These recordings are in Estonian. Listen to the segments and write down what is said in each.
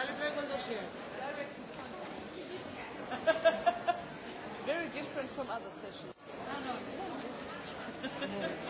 Già le prego il dossier. Very different from other sessions. Ah, no, no.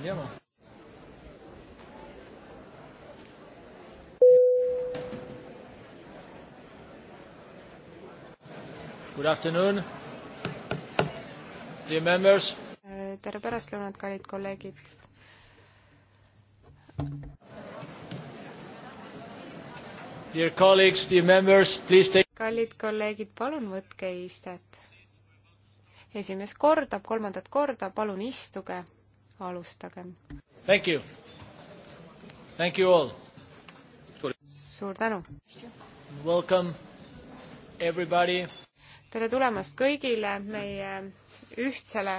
Andiamo. Good afternoon, dear members. tere pärastlõunat, kallid kolleegid. Dear colleagues, dear members, please take kallid kolleegid, palun võtke istet. esimees kordab, kolmandat korda, palun istuge alustagem. Thank you. Thank you all. suur tänu. Welcome everybody. tere tulemast kõigile meie ühtsele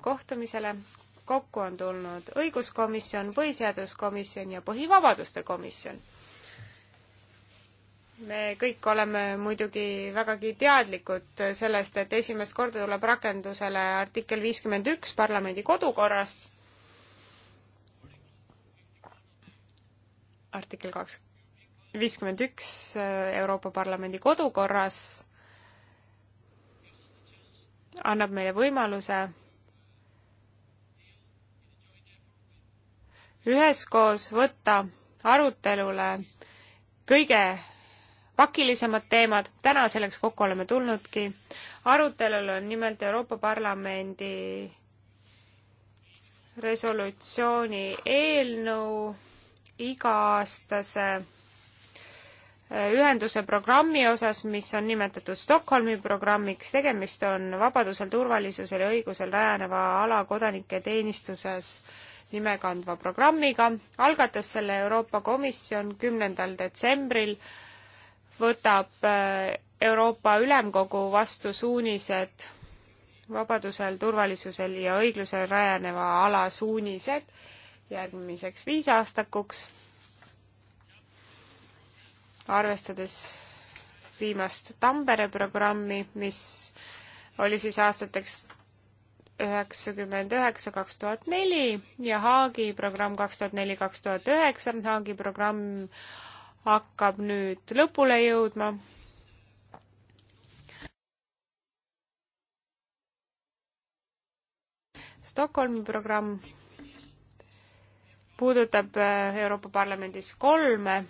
kohtumisele. kokku on tulnud õiguskomisjon, põhiseaduskomisjon ja põhivabaduste komisjon me kõik oleme muidugi vägagi teadlikud sellest, et esimest korda tuleb rakendusele artikkel viiskümmend üks parlamendi kodukorrast. artikkel kaks, viiskümmend üks eh, Euroopa Parlamendi kodukorras annab meile võimaluse üheskoos võtta arutelule kõige pakilisemad teemad, täna selleks kokku oleme tulnudki. arutelul on nimelt Euroopa Parlamendi resolutsiooni eelnõu iga-aastase äh, ühenduse programmi osas, mis on nimetatud Stockholmi programmiks, tegemist on vabadusel, turvalisusel ja õigusel rajaneva ala kodanike teenistuses nimekandva programmiga. algatas selle Euroopa Komisjon kümnendal detsembril võtab äh, Euroopa Ülemkogu vastu suunised vabadusel, turvalisusel ja õiglusel rajaneva ala suunised järgmiseks viisaastakuks, arvestades viimast Tampere programmi, mis oli siis aastateks üheksakümmend üheksa, kaks tuhat neli ja Haagi programm kaks tuhat neli, kaks tuhat üheksa, Haagi programm hakkab nüüd lõpule jõudma. Stockholmi programm puudutab äh, Euroopa Parlamendis kolme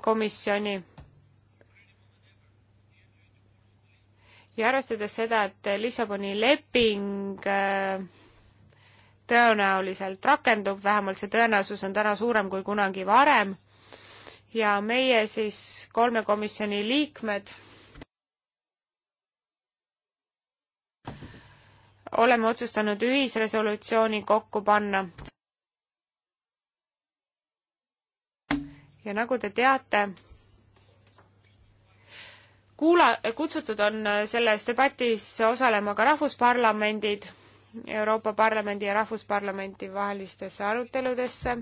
komisjoni ja arvestades seda, et Lissaboni leping äh, tõenäoliselt rakendub, vähemalt see tõenäosus on täna suurem kui kunagi varem, ja meie siis kolme komisjoni liikmed oleme otsustanud ühisresolutsiooni kokku panna. ja nagu te teate, kuula-, kutsutud on selles debatis osalema ka rahvusparlamendid, Euroopa Parlamendi ja Rahvusparlamenti vahelistesse aruteludesse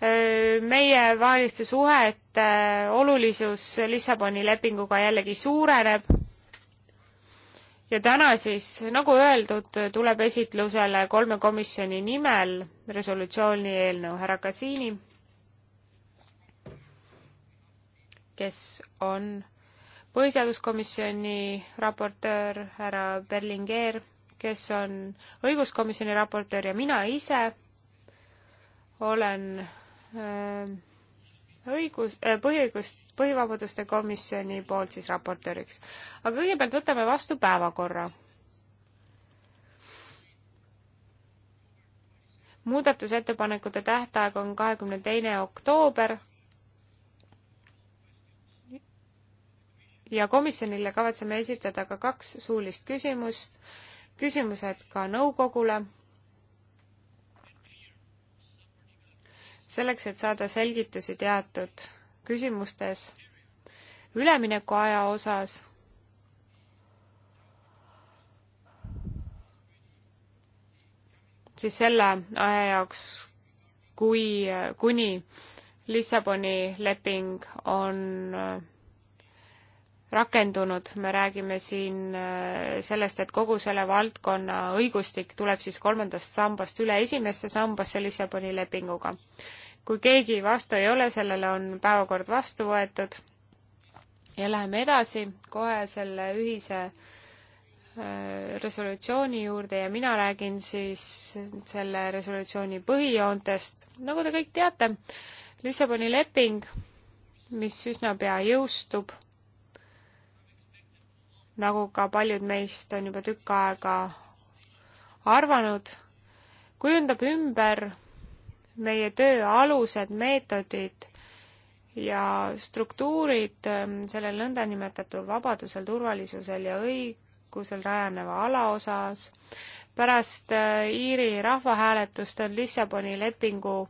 meievaheliste suhete äh, olulisus Lissaboni lepinguga jällegi suureneb ja täna siis, nagu öeldud, tuleb esitlusele kolme komisjoni nimel resolutsiooni eelnõu härra Kasiini, kes on põhiseaduskomisjoni raportöör, härra Berlinger, kes on õiguskomisjoni raportöör ja mina ise olen Äh, õigus, äh, põhiõigust, põhivabaduste komisjoni poolt siis raportööriks. aga kõigepealt võtame vastu päevakorra. muudatusettepanekute tähtaeg on kahekümne teine oktoober ja komisjonile kavatseme esitada ka kaks suulist küsimust, küsimused ka nõukogule selleks, et saada selgitusi teatud küsimustes üleminekuaja osas siis selle aja jaoks, kui, kuni Lissaboni leping on äh, rakendunud, me räägime siin äh, sellest, et kogu selle valdkonna õigustik tuleb siis kolmandast sambast üle esimesse sambasse Lissaboni lepinguga kui keegi vastu ei ole, sellele on päevakord vastu võetud. ja läheme edasi kohe selle ühise äh, resolutsiooni juurde ja mina räägin siis selle resolutsiooni põhijoontest. nagu te kõik teate, Lissaboni leping, mis üsna pea jõustub, nagu ka paljud meist on juba tükk aega arvanud, kujundab ümber meie töö alused, meetodid ja struktuurid ähm, sellel nõndanimetatud vabadusel, turvalisusel ja õigusel rajaneva ala osas. pärast äh, Iiri rahvahääletust on Lissaboni lepingu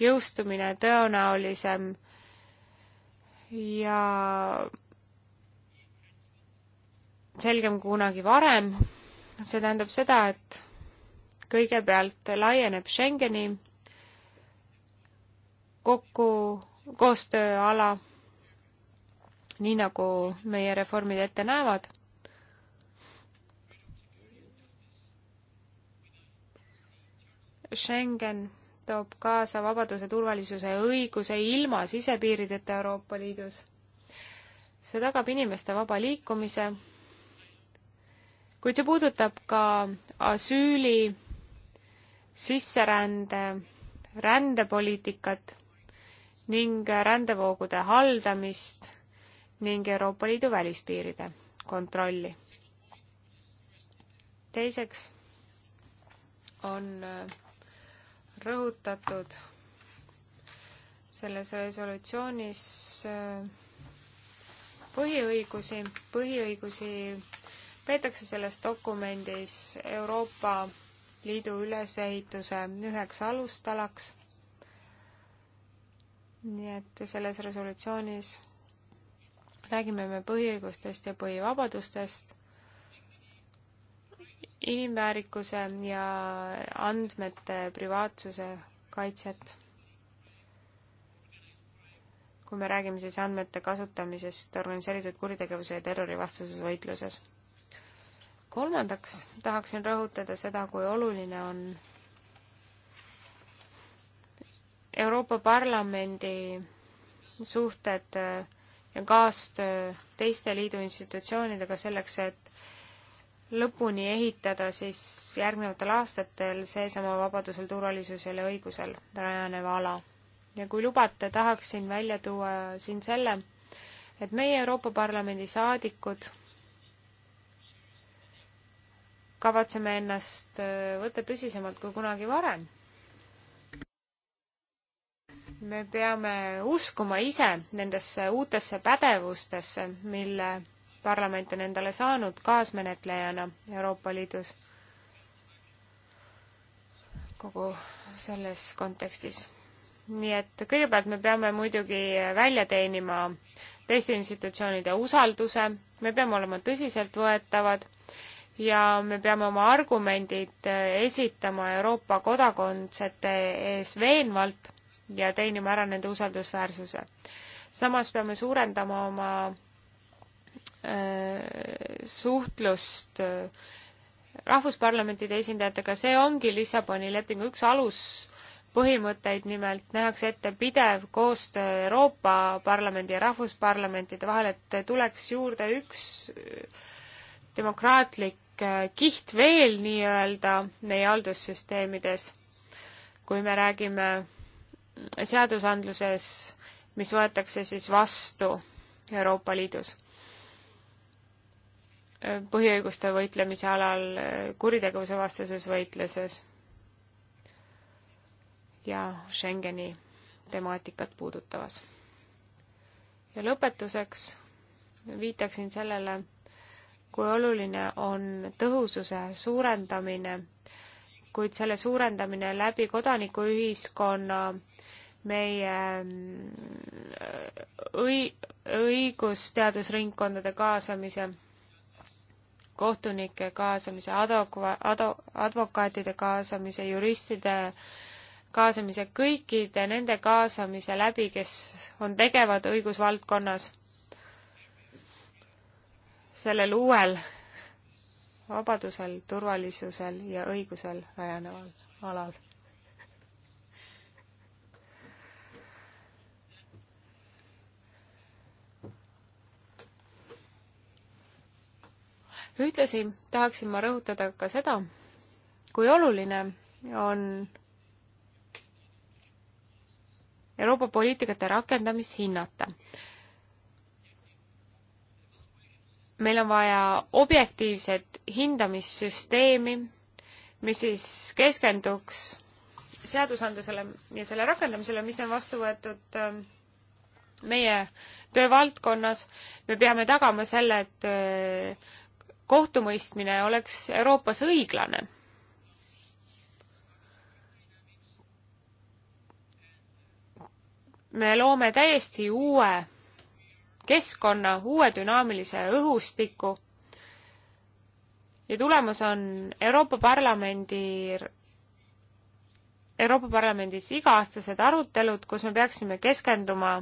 jõustumine tõenäolisem ja selgem kui kunagi varem. see tähendab seda, et kõigepealt laieneb Schengeni kokku koostööala, nii nagu meie reformid ette näevad. Schengen toob kaasa vabaduse, turvalisuse ja õiguse ilma sisepiirideta Euroopa Liidus. see tagab inimeste vaba liikumise, kuid see puudutab ka asüüli, sisserände, rändepoliitikat ning rändevoogude haldamist ning Euroopa Liidu välispiiride kontrolli. teiseks on äh, rõhutatud selles resolutsioonis äh, põhiõigusi, põhiõigusi peetakse selles dokumendis Euroopa Liidu ülesehituse üheks alustalaks nii et selles resolutsioonis räägime me põhiõigustest ja põhivabadustest, inimväärikuse ja andmete privaatsuse kaitset. kui me räägime siis andmete kasutamisest organiseeritud kuritegevuse ja terrorivastases võitluses. kolmandaks tahaksin rõhutada seda, kui oluline on Euroopa Parlamendi suhted äh, ja kaastöö teiste liidu institutsioonidega selleks, et lõpuni ehitada siis järgnevatel aastatel seesama vabadusel, turvalisusel ja õigusel rajanev ala. ja kui lubate, tahaksin välja tuua siin selle, et meie Euroopa Parlamendi saadikud kavatseme ennast äh, võtta tõsisemalt kui kunagi varem me peame uskuma ise nendesse uutesse pädevustesse, mille parlament on endale saanud kaasmenetlejana Euroopa Liidus kogu selles kontekstis. nii et kõigepealt me peame muidugi välja teenima teiste institutsioonide usalduse, me peame olema tõsiseltvõetavad ja me peame oma argumendid esitama Euroopa kodakondsete ees veenvalt ja teenima ära nende usaldusväärsuse. samas peame suurendama oma äh, suhtlust äh, rahvusparlamentide esindajatega, see ongi Lissaboni lepingu üks aluspõhimõtteid, nimelt nähakse ette pidev koostöö Euroopa Parlamendi ja rahvusparlamentide vahel, et tuleks juurde üks äh, demokraatlik kiht veel nii-öelda meie haldussüsteemides, kui me räägime seadusandluses, mis võetakse siis vastu Euroopa Liidus. põhiõiguste võitlemise alal, kuritegevuse vastases võitluses ja Schengeni temaatikat puudutavas. ja lõpetuseks viitaksin sellele, kui oluline on tõhususe suurendamine, kuid selle suurendamine läbi kodanikuühiskonna meie mm, õi-, õigusteadusringkondade kaasamise, kohtunike kaasamise, adokva-, ado-, advokaatide kaasamise, juristide kaasamise, kõikide nende kaasamise läbi, kes on tegevad õigusvaldkonnas sellel uuel vabadusel, turvalisusel ja õigusel rajaneval alal ühtlasi tahaksin ma rõhutada ka seda, kui oluline on Euroopa poliitikate rakendamist hinnata. meil on vaja objektiivset hindamissüsteemi, mis siis keskenduks seadusandlusele ja selle rakendamisele, mis on vastu võetud ähm, meie töövaldkonnas. me peame tagama selle, et äh, kohtumõistmine oleks Euroopas õiglane. me loome täiesti uue keskkonna, uue dünaamilise õhustiku ja tulemus on Euroopa Parlamendi Euroopa Parlamendis iga-aastased arutelud, kus me peaksime keskenduma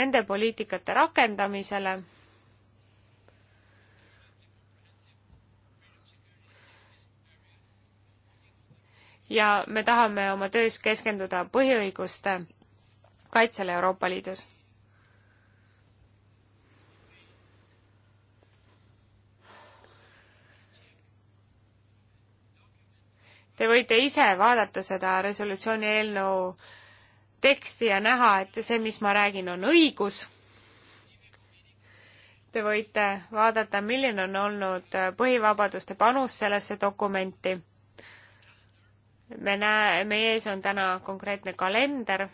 nende poliitikate rakendamisele ja me tahame oma töös keskenduda põhiõiguste kaitsele Euroopa Liidus. Te võite ise vaadata seda resolutsiooni eelnõu teksti ja näha, et see, mis ma räägin, on õigus. Te võite vaadata, milline on olnud põhivabaduste panus sellesse dokumenti me näe, meie ees on täna konkreetne kalender,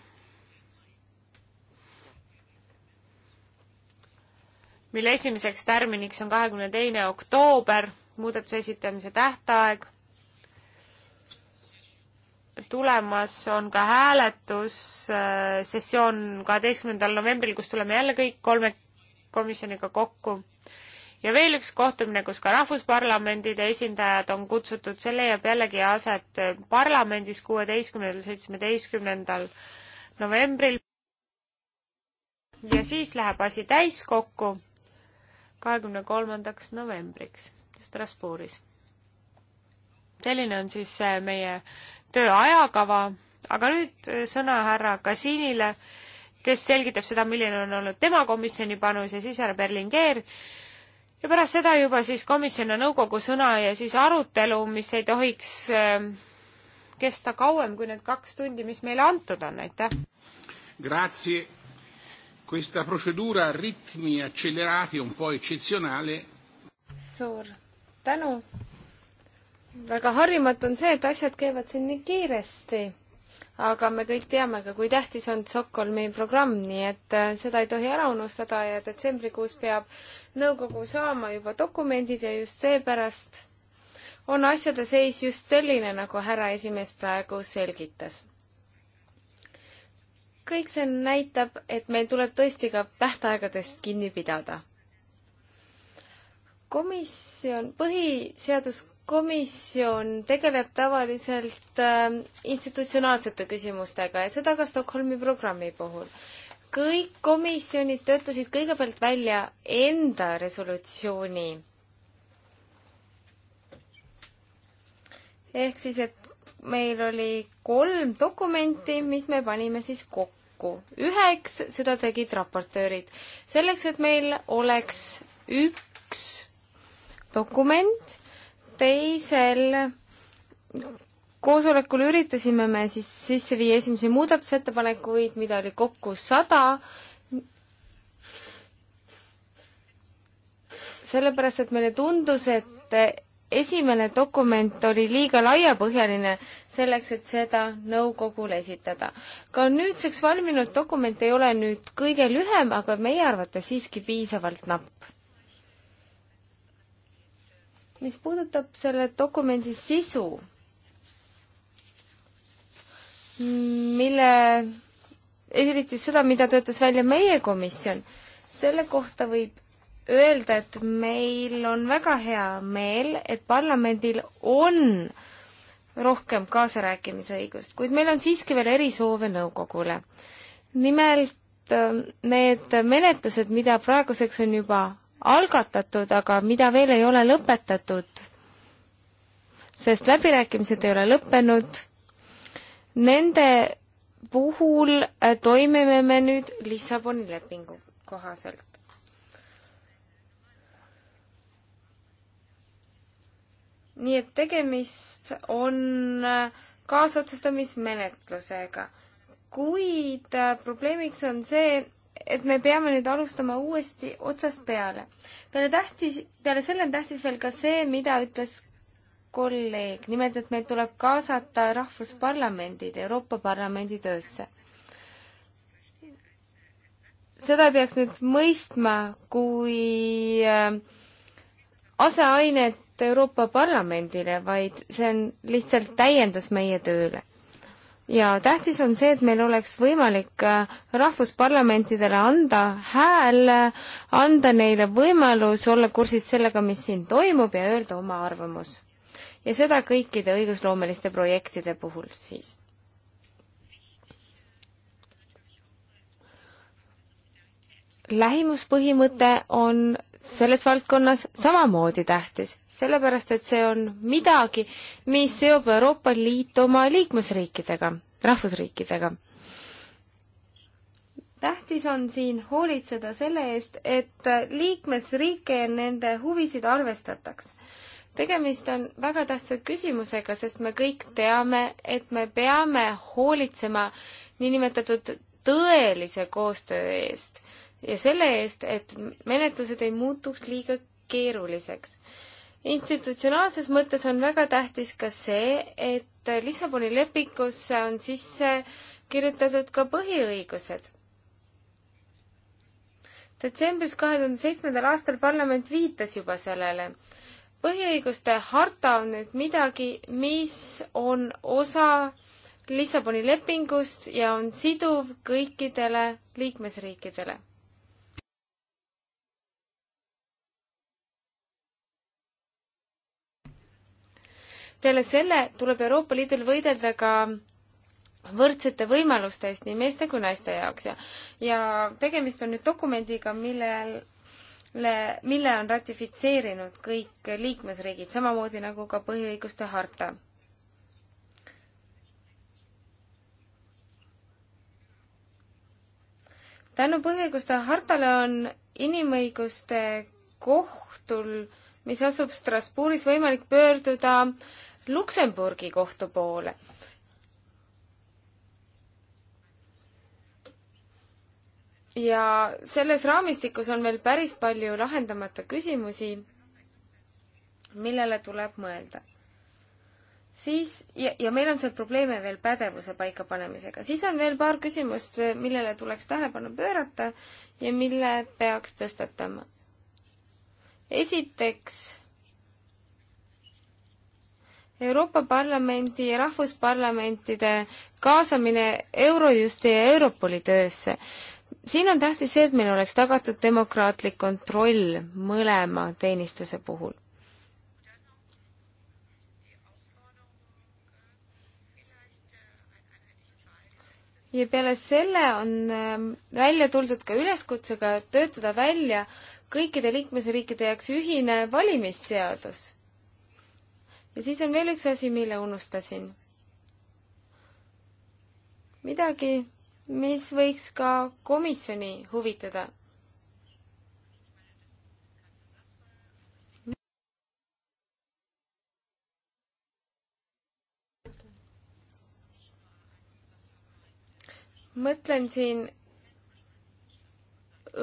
mille esimeseks tärminiks on kahekümne teine oktoober, muudatuse esitamise tähtaeg. tulemas on ka hääletussessioon kaheteistkümnendal novembril, kus tuleme jälle kõik kolme komisjoniga kokku ja veel üks kohtumine, kus ka rahvusparlamendide esindajad on kutsutud, see leiab jällegi aset parlamendis kuueteistkümnendal, seitsmeteistkümnendal novembril. ja siis läheb asi täiskokku kahekümne kolmandaks novembriks Strasbourgis. selline on siis meie töö ajakava, aga nüüd sõna härra Kasiinile, kes selgitab seda, milline on olnud tema komisjoni panus ja siis härra Berlingeer ja pärast seda juba siis komisjon ja nõukogu sõna ja siis arutelu, mis ei tohiks ähm, kesta kauem kui need kaks tundi, mis meile antud on, aitäh. Grazie. Questa procedura a ritmi accelerati un po' eccezionale. suur tänu. väga harjumatu on see, et asjad käivad siin nii kiiresti aga me kõik teame ka, kui tähtis on Stockholmi programm, nii et äh, seda ei tohi ära unustada ja detsembrikuus peab nõukogu saama juba dokumendid ja just seepärast on asjade seis just selline, nagu härra esimees praegu selgitas. kõik see näitab, et meil tuleb tõesti ka tähtaegadest kinni pidada. komisjon, põhiseadus komisjon tegeleb tavaliselt äh, institutsionaalsete küsimustega ja seda ka Stockholmi programmi puhul. kõik komisjonid töötasid kõigepealt välja enda resolutsiooni. ehk siis, et meil oli kolm dokumenti, mis me panime siis kokku. üheks seda tegid raportöörid. selleks, et meil oleks üks dokument, teisel koosolekul üritasime me siis sisse viia esimesi muudatusettepanekuid, mida oli kokku sada. sellepärast, et meile tundus, et esimene dokument oli liiga laiapõhjaline selleks, et seda nõukogule esitada. ka nüüdseks valminud dokument ei ole nüüd kõige lühem, aga meie arvates siiski piisavalt napp mis puudutab selle dokumendi sisu, mille, eriti seda, mida töötas välja meie komisjon, selle kohta võib öelda, et meil on väga hea meel, et parlamendil on rohkem kaasarääkimisõigust, kuid meil on siiski veel erisoove nõukogule. nimelt äh, need menetlused, mida praeguseks on juba algatatud, aga mida veel ei ole lõpetatud, sest läbirääkimised ei ole lõppenud. Nende puhul äh, toimime me nüüd Lissaboni lepingu kohaselt. nii et tegemist on äh, kaasotsustamismenetlusega, kuid äh, probleemiks on see, et me peame nüüd alustama uuesti otsast peale. peale tähtis, peale selle on tähtis veel ka see, mida ütles kolleeg, nimelt, et meil tuleb kaasata rahvusparlamendid Euroopa Parlamendi töösse. seda peaks nüüd mõistma kui äh, aseainet Euroopa Parlamendile, vaid see on lihtsalt täiendus meie tööle ja tähtis on see, et meil oleks võimalik äh, rahvusparlamentidele anda hääl, anda neile võimalus olla kursis sellega, mis siin toimub ja öelda oma arvamus. ja seda kõikide õigusloomeliste projektide puhul siis. lähimuspõhimõte on selles valdkonnas samamoodi tähtis, sellepärast et see on midagi, mis seob Euroopa Liit oma liikmesriikidega, rahvusriikidega. tähtis on siin hoolitseda selle eest, et liikmesriike ja nende huvisid arvestataks. tegemist on väga tähtsa küsimusega, sest me kõik teame, et me peame hoolitsema niinimetatud tõelise koostöö eest ja selle eest, et menetlused ei muutuks liiga keeruliseks. institutsionaalses mõttes on väga tähtis ka see, et Lissaboni lepingusse on sisse kirjutatud ka põhiõigused. detsembris kahe tuhande seitsmendal aastal parlament viitas juba sellele. põhiõiguste harta on nüüd midagi, mis on osa Lissaboni lepingust ja on siduv kõikidele liikmesriikidele. peale selle tuleb Euroopa Liidul võidelda ka võrdsete võimaluste eest nii meeste kui naiste jaoks ja, ja tegemist on nüüd dokumendiga, millel mille on ratifitseerinud kõik liikmesriigid, samamoodi nagu ka põhiõiguste harta tänu põhiõiguste hartale on inimõiguste kohtul mis asub Strasbourgis, võimalik pöörduda Luksemburgi kohtu poole. ja selles raamistikus on veel päris palju lahendamata küsimusi, millele tuleb mõelda siis, ja, ja meil on seal probleeme veel pädevuse paikapanemisega, siis on veel paar küsimust, millele tuleks tähelepanu pöörata ja mille peaks tõstatama esiteks, Euroopa Parlamendi ja rahvusparlamentide kaasamine Eurojusti ja Europoli töösse. siin on tähtis see, et meil oleks tagatud demokraatlik kontroll mõlema teenistuse puhul. ja peale selle on ähm, välja tuldud ka üleskutsega töötada välja kõikide liikmesriikide jaoks ühine valimisseadus. ja siis on veel üks asi, mille unustasin. midagi, mis võiks ka komisjoni huvitada mõtlen siin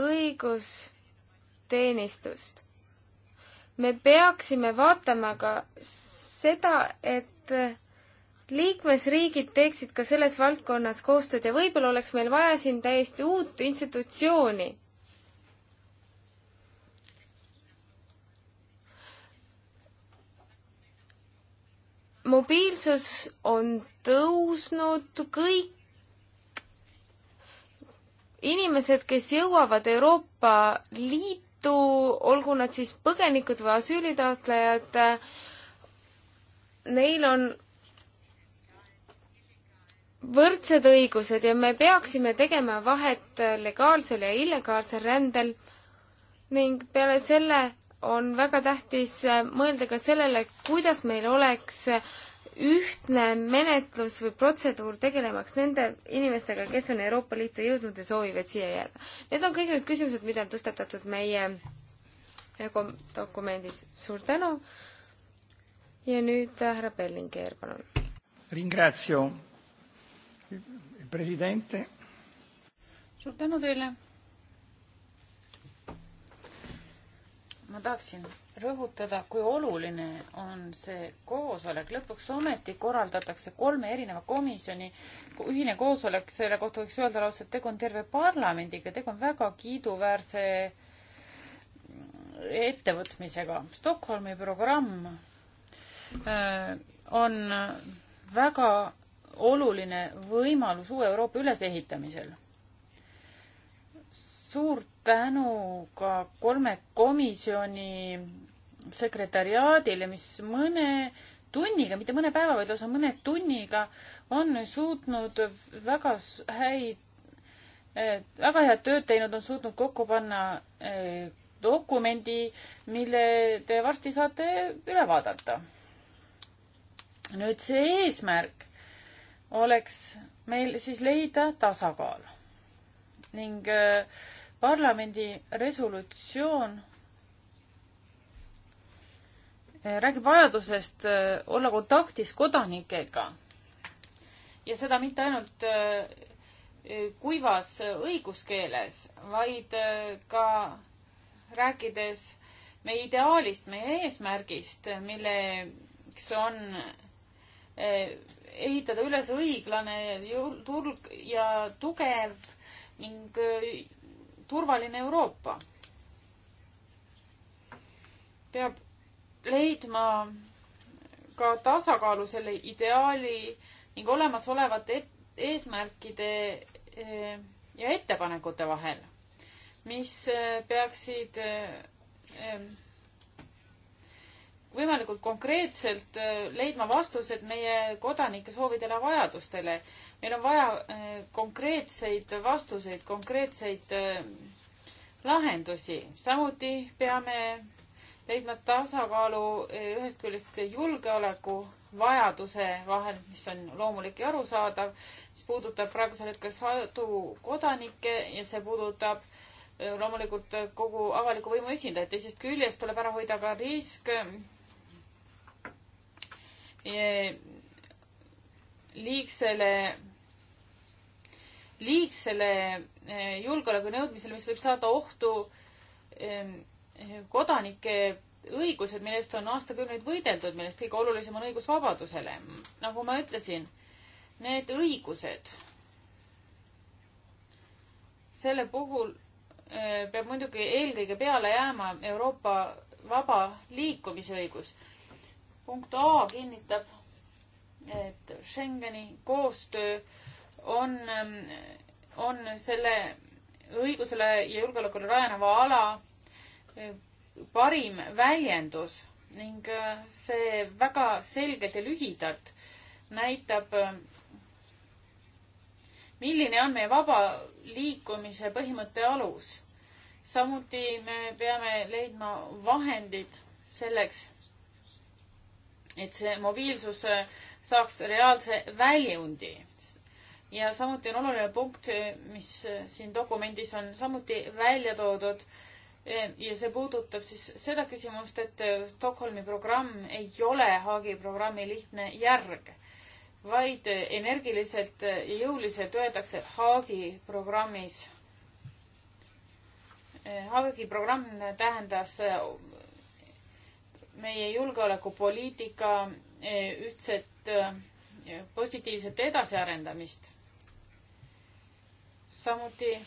õigus teenistust. me peaksime vaatama ka seda, et liikmesriigid teeksid ka selles valdkonnas koostööd ja võib-olla oleks meil vaja siin täiesti uut institutsiooni. mobiilsus on tõusnud, kõik inimesed, kes jõuavad Euroopa Liitu, tõttu, olgu nad siis põgenikud või asüülitaotlejad, neil on võrdsed õigused ja me peaksime tegema vahet legaalsel ja illegaalsel rändel ning peale selle on väga tähtis mõelda ka sellele, kuidas meil oleks ühtne menetlus või protseduur tegelemaks nende inimestega, kes on Euroopa Liitu jõudnud ja soovivad siia jääda. Need on kõik need küsimused, mida on tõstatatud meie dokumendis. suur tänu ja nüüd äh, härra Bellinger, palun. Ringrazio presidente. suur tänu teile. ma tahaksin rõhutada, kui oluline on see koosolek. lõpuks ometi korraldatakse kolme erineva komisjoni ühine koosolek, selle kohta võiks öelda lausa, et tegu on terve parlamendiga, tegu on väga kiiduväärse ettevõtmisega. Stockholmi programm äh, on väga oluline võimalus uue Euroopa ülesehitamisel suur tänu ka kolme komisjoni sekretäriaadile, mis mõne tunniga, mitte mõne päeva, vaid lausa mõne tunniga on suutnud väga häid, eh, väga head tööd teinud, on suutnud kokku panna eh, dokumendi, mille te varsti saate üle vaadata. nüüd see eesmärk oleks meil siis leida tasakaal ning äh, parlamendi resolutsioon eh, räägib vajadusest eh, olla kontaktis kodanikega ja seda mitte ainult eh, kuivas õiguskeeles, vaid ka rääkides meie ideaalist, meie eesmärgist, milleks on ehitada üles õiglane turg ja tugev ning turvaline Euroopa. peab leidma ka tasakaalu selle ideaali ning olemasolevate eesmärkide eh, ja ettepanekute vahel, mis eh, peaksid eh, võimalikult konkreetselt leidma vastused meie kodanike soovidele ja vajadustele meil on vaja äh, konkreetseid vastuseid, konkreetseid äh, lahendusi, samuti peame leidma tasakaalu äh, ühest küljest julgeoleku vajaduse vahel, mis on loomulik ja arusaadav, mis puudutab praegusel hetkel sadu kodanikke ja see puudutab loomulikult kogu avaliku võimu esindajaid. teisest küljest tuleb ära hoida ka risk liigsele liigsele eh, julgeoleku nõudmisele, mis võib saada ohtu eh, eh, kodanike õigused, millest on aastakümneid võideldud, millest kõige olulisem on õigus vabadusele. nagu ma ütlesin, need õigused, selle puhul peab muidugi eelkõige peale jääma Euroopa vaba liikumisõigus. punkt A kinnitab, et Schengeni koostöö on, ähm, on selle õigusele ja julgeolekule rajaneva ala äh, parim väljendus ning äh, see väga selgelt ja lühidalt näitab, ähm, milline on meie vaba liikumise põhimõtte alus. samuti me peame leidma vahendid selleks, et see mobiilsus äh, saaks reaalse väljundi ja samuti on oluline punkt, mis siin dokumendis on samuti välja toodud e, ja see puudutab siis seda küsimust, et Stockholmi programm ei ole Haagi programmi lihtne järg, vaid energiliselt ja jõuliselt öeldakse Haagi programmis. E, Haagi programm tähendas meie julgeolekupoliitika e, ühtset positiivset edasiarendamist samuti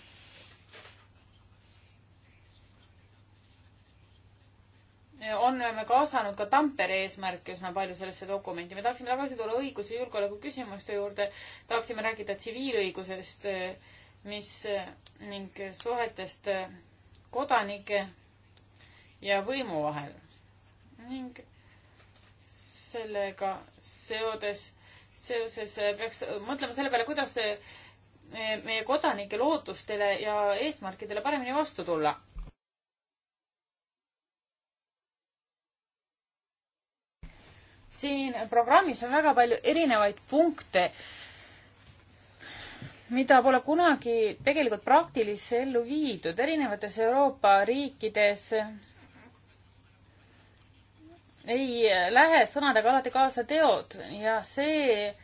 oleme me kaasanud ka Tampere eesmärki üsna palju sellesse dokumenti. me tahaksime tagasi tulla õiguse ja julgeoleku küsimuste juurde, tahaksime rääkida tsiviilõigusest, mis ning suhetest kodanike ja võimu vahel. ning sellega seoses, seoses peaks mõtlema selle peale, kuidas see meie kodanike lootustele ja eesmärkidele paremini vastu tulla. siin programmis on väga palju erinevaid punkte, mida pole kunagi tegelikult praktilisse ellu viidud erinevates Euroopa riikides ei lähe sõnadega alati kaasa teod ja see äh,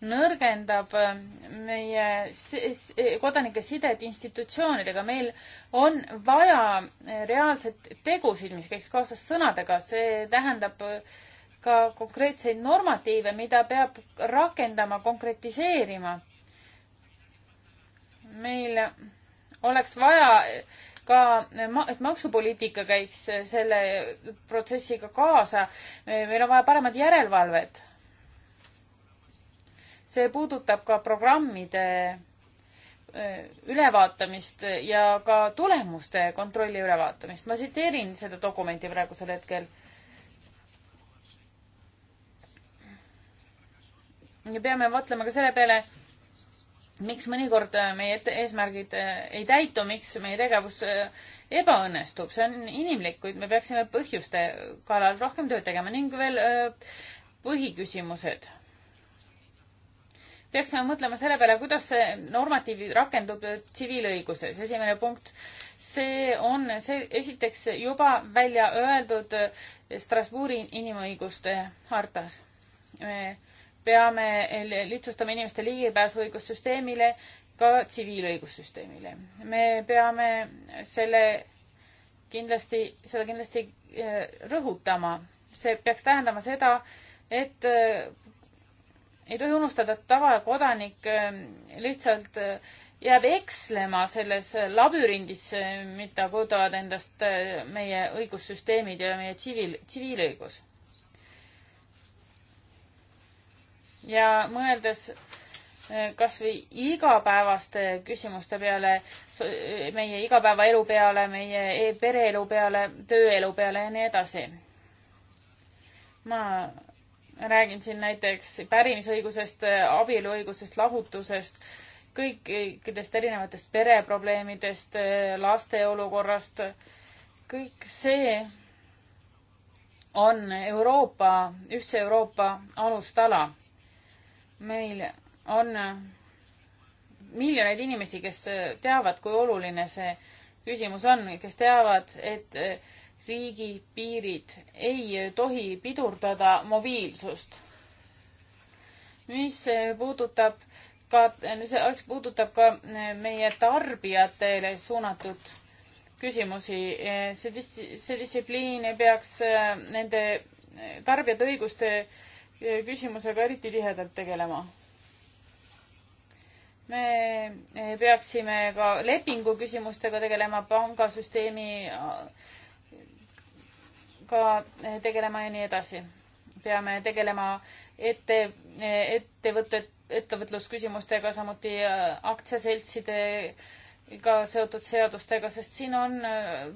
nõrgendab äh, meie kodanike sidet institutsioonidega. meil on vaja äh, reaalset tegusid, mis käiks kaasas sõnadega, see tähendab äh, ka konkreetseid normatiive, mida peab rakendama, konkretiseerima. meil oleks vaja ka, et maksupoliitika käiks selle protsessiga kaasa. meil on vaja paremat järelevalvet see puudutab ka programmide ülevaatamist ja ka tulemuste kontrolli ülevaatamist. ma tsiteerin seda dokumenti praegusel hetkel. ja peame mõtlema ka selle peale, miks mõnikord meie eesmärgid ei täitu, miks meie tegevus ebaõnnestub, see on inimlik, kuid me peaksime põhjuste kallal rohkem tööd tegema ning veel põhiküsimused peaksime mõtlema selle peale, kuidas see normatiiv rakendub tsiviilõiguses. esimene punkt, see on see esiteks juba välja öeldud Strasbourgi inimõiguste hartas. me peame lihtsustama inimeste ligipääsu õigussüsteemile, ka tsiviilõigussüsteemile. me peame selle kindlasti, seda kindlasti eh, rõhutama. see peaks tähendama seda, et ei tohi unustada, et tavakodanik ähm, lihtsalt äh, jääb ekslema selles labürindis, äh, mida kujutavad endast äh, meie õigussüsteemid ja meie tsiviil, tsiviilõigus. ja mõeldes kas või igapäevaste küsimuste peale, meie igapäevaelu peale, meie e pereelu peale, tööelu peale ja nii edasi. ma räägin siin näiteks pärimisõigusest, abieluõigusest, lahutusest, kõikidest erinevatest pereprobleemidest, laste olukorrast, kõik see on Euroopa, ühtse Euroopa alustala. meil on miljoneid inimesi, kes teavad, kui oluline see küsimus on, kes teavad, et riigipiirid ei tohi pidurdada mobiilsust. mis puudutab ka, see asi puudutab ka meie tarbijatele suunatud küsimusi. see dis-, see distsipliin ei peaks äh, nende äh, tarbijate õiguste äh, küsimusega eriti tihedalt tegelema. me peaksime ka lepingu küsimustega tegelema, pangasüsteemi ka eh, tegelema ja nii edasi. peame tegelema ette, eh, ettevõtted, ettevõtlusküsimustega, samuti eh, aktsiaseltsidega seotud seadustega, sest siin on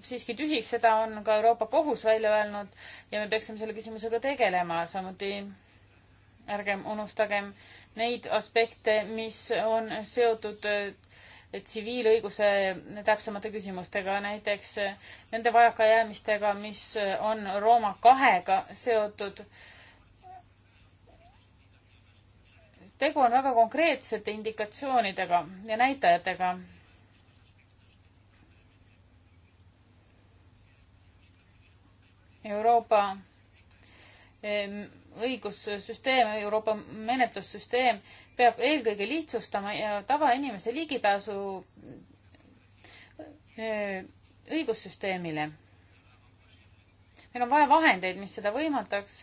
siiski tühik, seda on ka Euroopa Kohus välja öelnud ja me peaksime selle küsimusega tegelema, samuti ärgem unustagem neid aspekte, mis on seotud tsiviilõiguse täpsemate küsimustega, näiteks eh, nende vajakajäämistega, mis eh, on Rooma kahega seotud. tegu on väga konkreetsete indikatsioonidega ja näitajatega. Euroopa eh, õigussüsteem, Euroopa menetlussüsteem peab eelkõige lihtsustama ja tavainimese ligipääsu õigussüsteemile. meil on vaja vahendeid, mis seda võimaldaks.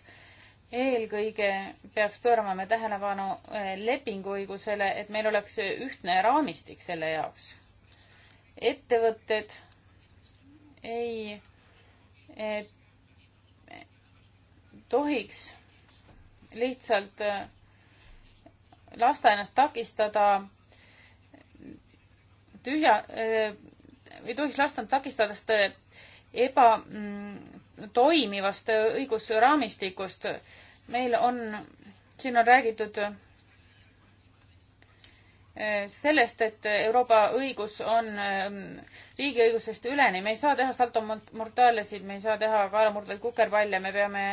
eelkõige peaks pöörama me tähelepanu lepinguõigusele, et meil oleks ühtne raamistik selle jaoks. ettevõtted ei et tohiks lihtsalt lasta ennast takistada tühja, äh, ei tohiks lasta end takistada seda äh, ebatoimivast mm, äh, õigusraamistikust. meil on, siin on räägitud sellest, et Euroopa õigus on ähm, riigiõigusest üleni, me ei saa teha saltomortaalesid, me ei saa teha kaelamurdvaid kukerpalle, me peame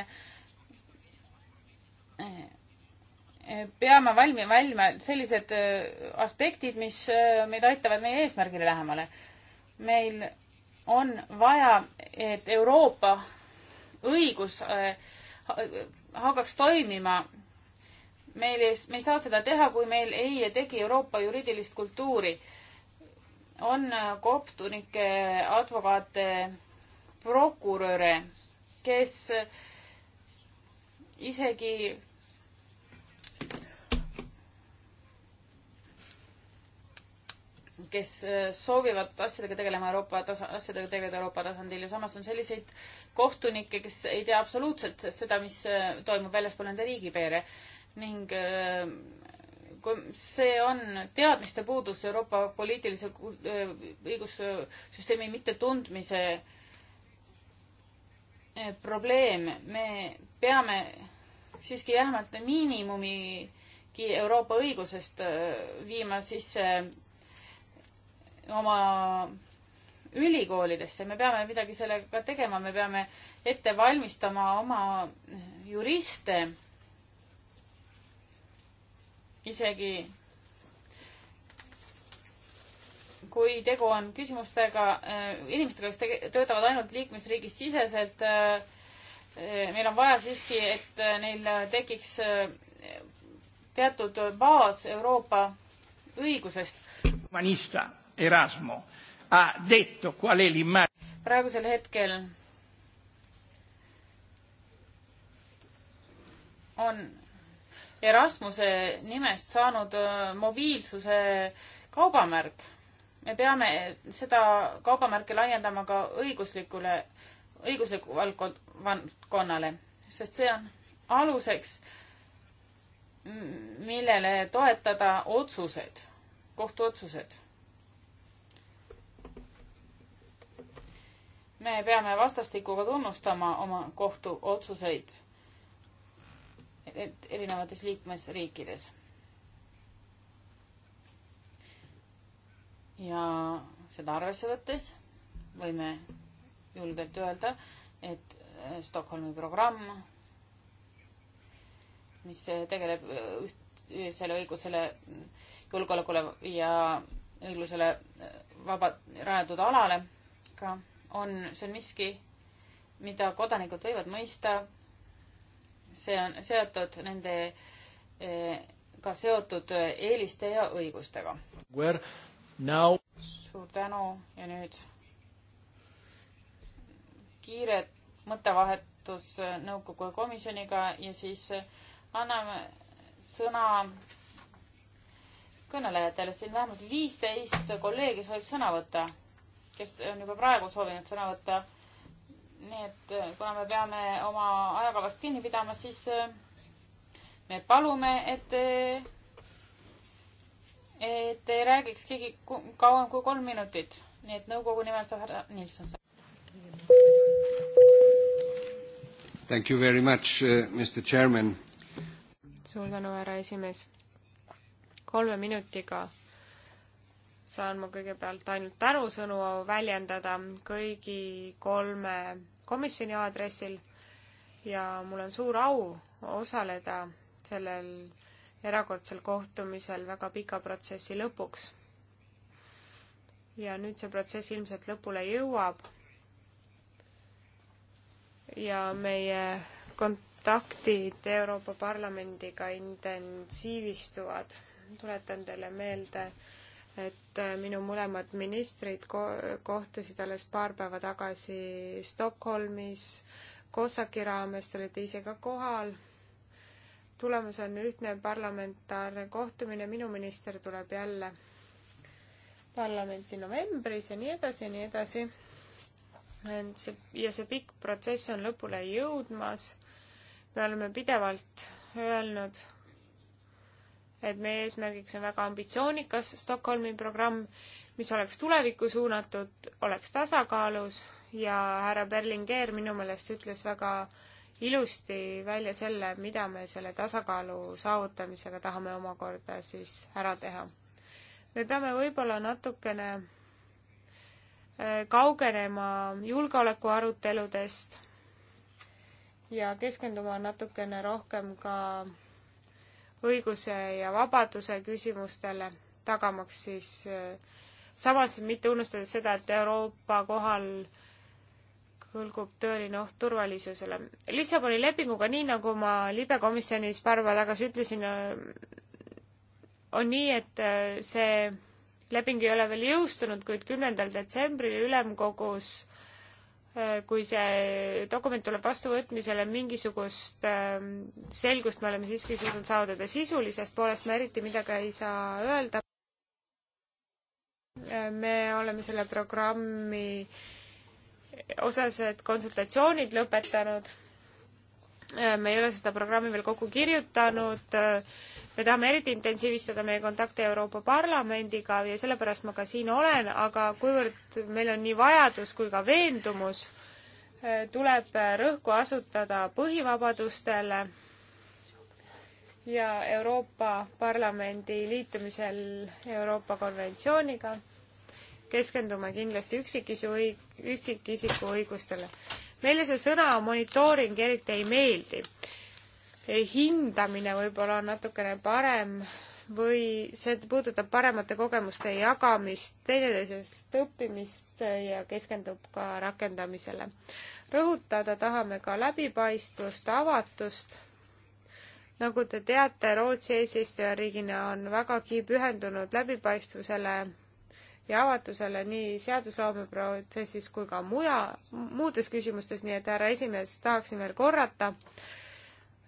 peame valmi-, valima sellised äh, aspektid, mis äh, meid aitavad meie eesmärgile lähemale. meil on vaja, et Euroopa õigus äh, hakkaks toimima. meil ei, me ei saa seda teha, kui meil ei teki Euroopa juriidilist kultuuri. on kohtunikke, advokaate, prokuröre, kes isegi kes äh, soovivad asjadega tegelema Euroopa tasa-, asjadega tegeleda Euroopa tasandil ja samas on selliseid kohtunikke, kes ei tea absoluutselt seda, mis äh, toimub väljaspool nende riigipiire ning äh, kui see on teadmiste puudus Euroopa poliitilise õigussüsteemi mittetundmise probleem, me peame siiski vähemalt miinimumigi Euroopa õigusest viima sisse oma ülikoolidesse, me peame midagi sellega tegema, me peame ette valmistama oma juriste isegi kui tegu on küsimustega äh, inimestega, kes töötavad ainult liikmesriigis siseselt, äh, äh, meil on vaja siiski, et neil tekiks teatud baas Euroopa õigusest. humanista Erasmo ha detto qual è l'immagine. praegusel hetkel on Erasmuse nimest saanud äh, mobiilsuse kaubamärk. me peame seda kaubamärki laiendama ka õiguslikule, õigusliku valdkonnale, sest see on aluseks, millele toetada otsused, kohtuotsused me peame vastastikuga tunnustama oma kohtuotsuseid erinevates liikmesriikides. ja seda arvesse võttes võime julgelt öelda, et äh, Stockholmi programm, mis äh, tegeleb äh, ühtsele õigusele, julgeolekule ja õiglusele vaba, rajatud alale ka on, see on miski, mida kodanikud võivad mõista. see on seotud nende eh, ka seotud eh, eeliste ja õigustega. suur tänu ja nüüd kiire mõttevahetus eh, nõukogu komisjoniga ja siis anname sõna kõnelejatele, siin vähemalt viisteist kolleegi soovib sõna võtta kes on juba praegu soovinud sõna võtta. nii et eh, kuna me peame oma ajakavast kinni pidama, siis eh, me palume, et, eh, et ei räägiks keegi kauem kui kolm minutit. nii et nõukogu nimel saab härra Nilsson. Thank you very much uh,, Mr Chairman. suur tänu, härra esimees. kolme minutiga saan ma kõigepealt ainult tänusõnu väljendada kõigi kolme komisjoni aadressil ja mul on suur au osaleda sellel erakordsel kohtumisel väga pika protsessi lõpuks. ja nüüd see protsess ilmselt lõpule jõuab. ja meie kontaktid Euroopa Parlamendiga intensiivistuvad. tuletan teile meelde, et äh, minu mõlemad ministrid ko-, kohtusid alles paar päeva tagasi Stockholmis, COSAC-i raames, te olite ise ka kohal. tulemas on ühtne parlamentaarne kohtumine, minu minister tuleb jälle parlamenti novembris ja nii edasi ja nii edasi. ent see, ja see pikk protsess on lõpule jõudmas. me oleme pidevalt öelnud et meie eesmärgiks on väga ambitsioonikas Stockholmi programm, mis oleks tulevikku suunatud, oleks tasakaalus ja härra Berlinger minu meelest ütles väga ilusti välja selle, mida me selle tasakaalu saavutamisega tahame omakorda siis ära teha. me peame võib-olla natukene äh, kaugenema julgeoleku aruteludest ja keskenduma natukene rohkem ka õiguse ja vabaduse küsimustele, tagamaks siis äh, samas mitte unustades seda, et Euroopa kohal kõlgub tõeline oht turvalisusele. Lissaboni lepinguga, nii nagu ma libekomisjonis paar päeva tagasi ütlesin, äh, on nii, et äh, see leping ei ole veel jõustunud, kuid kümnendal detsembril ülemkogus Äh, kui see dokument tuleb vastuvõtmisele, mingisugust ähm, selgust me oleme siiski suutnud saavutada. sisulisest poolest ma eriti midagi ei saa öelda. Äh, me oleme selle programmi osased konsultatsioonid lõpetanud. Äh, me ei ole seda programmi veel kokku kirjutanud me tahame eriti intensiivistada meie kontakte Euroopa Parlamendiga ja sellepärast ma ka siin olen, aga kuivõrd meil on nii vajadus kui ka veendumus, eh, tuleb rõhku asutada põhivabadustele ja Euroopa Parlamendi liitumisel Euroopa konventsiooniga keskendume kindlasti üksikisiku õig-, üksikisiku õigustele. meile see sõna monitooring eriti ei meeldi Eh, hindamine võib-olla on natukene parem või see puudutab paremate kogemuste jagamist, teineteisest õppimist ja keskendub ka rakendamisele. rõhutada tahame ka läbipaistvust, avatust. nagu te teate, Rootsi eesistujariigina on vägagi pühendunud läbipaistvusele ja avatusele nii seadusloome protsessis kui ka muja, muudes küsimustes, nii et härra esimees, tahaksin veel korrata,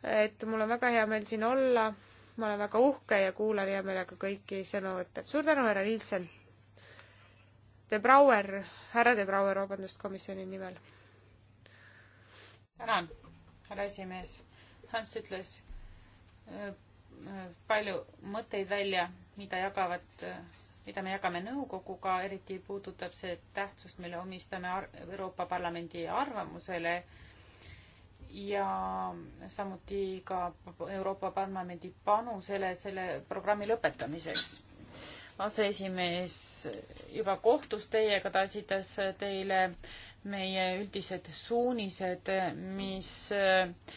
et mul on väga hea meel siin olla, ma olen väga uhke ja kuulan hea meelega kõiki sõnavõtte. suur tänu, härra Nielsen! De Brouwer, härra De Brouwer, vabandust, komisjoni nimel. tänan, härra esimees. Hans ütles äh, äh, palju mõtteid välja, mida jagavad, äh, mida me jagame nõukoguga, eriti puudutab see tähtsust, mille omistame Euroopa Parlamendi arvamusele ja samuti ka Euroopa Parlamendi panusele selle programmi lõpetamiseks. aseesimees juba kohtus teiega, ta esitas teile meie üldised suunised, mis eh,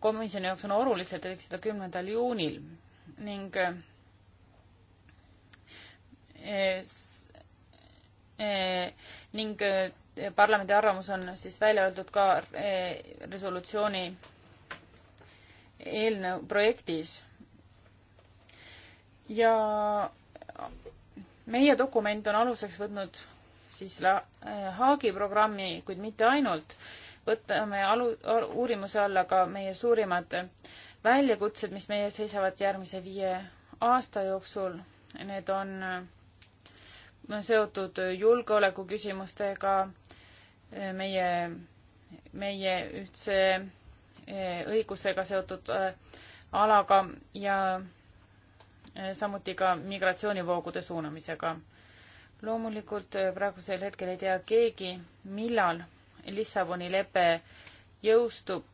komisjoni jaoks on olulised, eks seda kümnendal juunil ning eh, eh, ning parlamendi arvamus on siis välja öeldud ka e, resolutsiooni eelnõu projektis. ja meie dokument on aluseks võtnud siis La-, e, Haagi programmi, kuid mitte ainult, võtame alu-, uurimuse alla ka meie suurimad väljakutsed, mis meie seisavad järgmise viie aasta jooksul. Need on seotud julgeoleku küsimustega, meie, meie ühtse eh, õigusega seotud eh, alaga ja eh, samuti ka migratsioonivoogude suunamisega. loomulikult praegusel hetkel ei tea keegi, millal Lissaboni lepe jõustub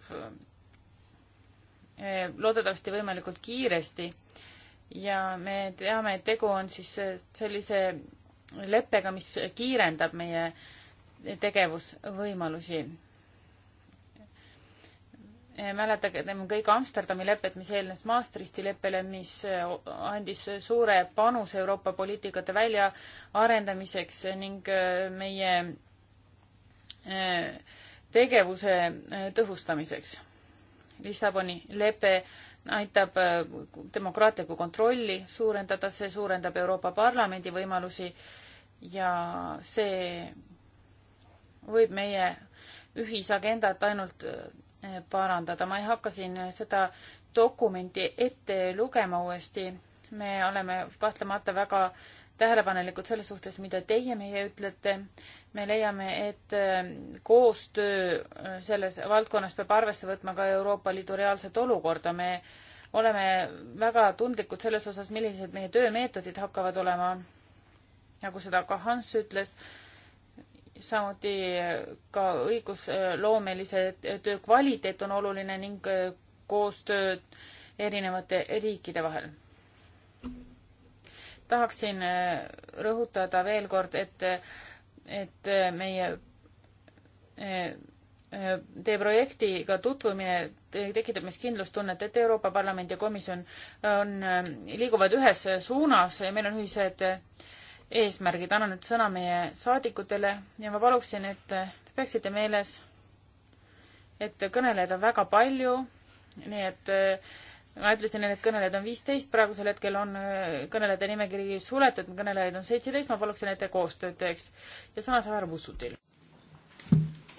loodetavasti võimalikult kiiresti ja me teame, et tegu on siis sellise leppega, mis kiirendab meie äh, tegevusvõimalusi. Eh, mäletage, need on kõik Amsterdami lepped, mis eelnes Maastrichti leppele, mis eh, andis suure panuse Euroopa poliitikate väljaarendamiseks ning eh, meie tegevuse tõhustamiseks. Lissaboni lepe aitab demokraatlikku kontrolli suurendada, see suurendab Euroopa Parlamendi võimalusi ja see võib meie ühisagendat ainult eh, parandada. ma ei hakka siin seda dokumenti ette lugema uuesti. me oleme kahtlemata väga tähelepanelikud selles suhtes, mida teie meile ütlete. me leiame, et eh, koostöö eh, selles valdkonnas peab arvesse võtma ka Euroopa Liidu reaalset olukorda. me oleme väga tundlikud selles osas, millised meie töömeetodid hakkavad olema. nagu seda ka Hans ütles samuti ka õigusloomelise töö kvaliteet on oluline ning koostöö erinevate riikide vahel. tahaksin rõhutada veel kord, et, et meie teie projektiga tutvumine tekitab meis kindlustunnet, et Euroopa Parlament ja komisjon on, liiguvad ühes suunas ja meil on ühised eesmärgid. annan nüüd sõna meie saadikutele ja ma paluksin, et te peaksite meeles, et kõnelejaid on väga palju, nii et äh, ma ütlesin, et kõnelejaid on viisteist, praegusel hetkel on äh, kõnelejate nimekiri suletud, kõnelejaid on seitseteist, ma paluksin, et te koostööd teeks. ja sõna saab härra Vussutil.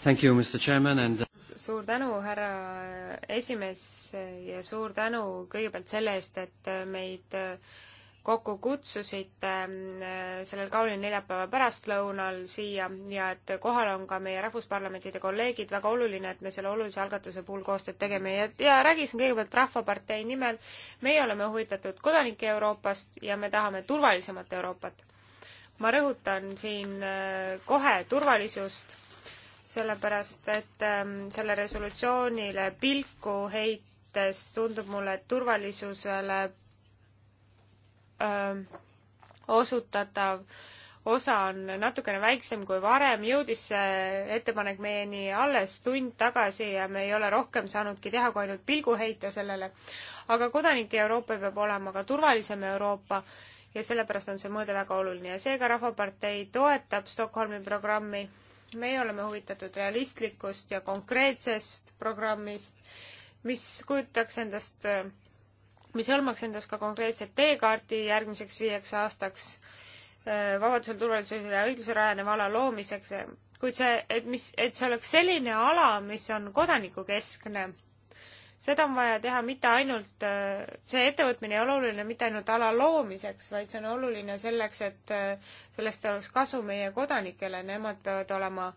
Thank you, Mr Chairman and uh, suur tänu, härra esimees ja suur tänu kõigepealt selle eest, et meid äh, kokku kutsusite ähm, sellel kaunil neljapäeva pärastlõunal siia ja et kohal on ka meie rahvusparlamentide kolleegid, väga oluline, et me selle olulise algatuse puhul koostööd tegeme ja, ja räägiksin kõigepealt Rahvapartei nimel. meie oleme huvitatud kodanike Euroopast ja me tahame turvalisemat Euroopat. ma rõhutan siin äh, kohe turvalisust, sellepärast et ähm, selle resolutsioonile pilku heites tundub mulle, et turvalisusele öö, ähm, osutatav osa on natukene väiksem kui varem, jõudis see ettepanek meieni alles tund tagasi ja me ei ole rohkem saanudki teha, kui ainult pilgu heita sellele. aga kodanike Euroopa peab olema ka turvalisem Euroopa ja sellepärast on see mõõde väga oluline ja seega Rahvapartei toetab Stockholmi programmi. meie oleme huvitatud realistlikust ja konkreetsest programmist, mis kujutaks endast äh, mis hõlmaks endas ka konkreetset teekaarti järgmiseks viieks aastaks äh, vabadusel, turvalisusel ja õiglusel rajaneva ala loomiseks, äh, kuid see, et mis, et see oleks selline ala, mis on kodanikukeskne, seda on vaja teha mitte ainult, äh, see ettevõtmine ei ole oluline mitte ainult ala loomiseks, vaid see on oluline selleks, et sellest oleks kasu meie kodanikele, nemad peavad olema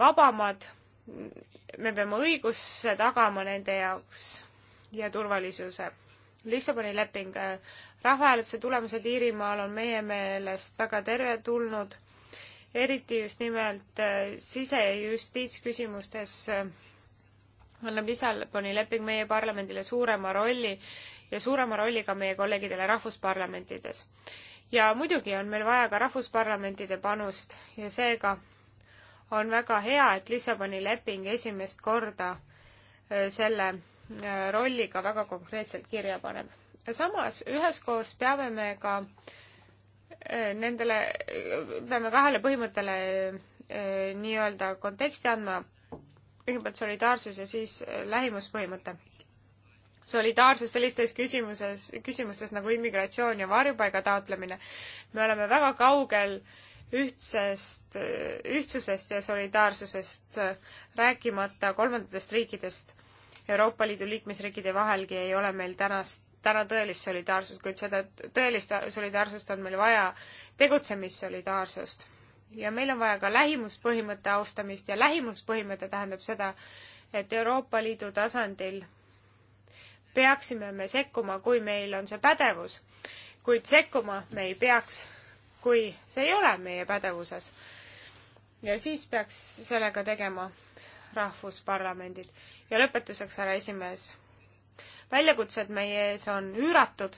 vabamad, me peame õiguse tagama nende jaoks ja turvalisuse. Lissaboni leping, äh, rahvahääletuse tulemused Iirimaal on meie meelest väga teretulnud, eriti just nimelt äh, sise- ja justiitsküsimustes äh, annab Lissaboni leping meie parlamendile suurema rolli ja suurema rolli ka meie kolleegidele rahvusparlamentides. ja muidugi on meil vaja ka rahvusparlamentide panust ja seega on väga hea, et Lissaboni leping esimest korda selle rolli ka väga konkreetselt kirja paneb. samas üheskoos peame me ka eh, nendele, peame kahele põhimõttele eh, nii-öelda konteksti andma. kõigepealt solidaarsus ja siis eh, lähimuspõhimõte. solidaarsus sellistes küsimuses, küsimustes nagu immigratsioon ja varjupaiga taotlemine. me oleme väga kaugel ühtsest, ühtsusest ja solidaarsusest, rääkimata kolmandatest riikidest Euroopa Liidu liikmesriikide vahelgi ei ole meil tänast täna tõelist solidaarsust, kuid seda tõelist solidaarsust on meil vaja tegutsemissolidaarsust. ja meil on vaja ka lähimuspõhimõtte austamist ja lähimuspõhimõte tähendab seda, et Euroopa Liidu tasandil peaksime me sekkuma, kui meil on see pädevus, kuid sekkuma me ei peaks, kui see ei ole meie pädevuses. ja siis peaks sellega tegema rahvusparlamendid. ja lõpetuseks, härra esimees, väljakutsed meie ees on üüratud,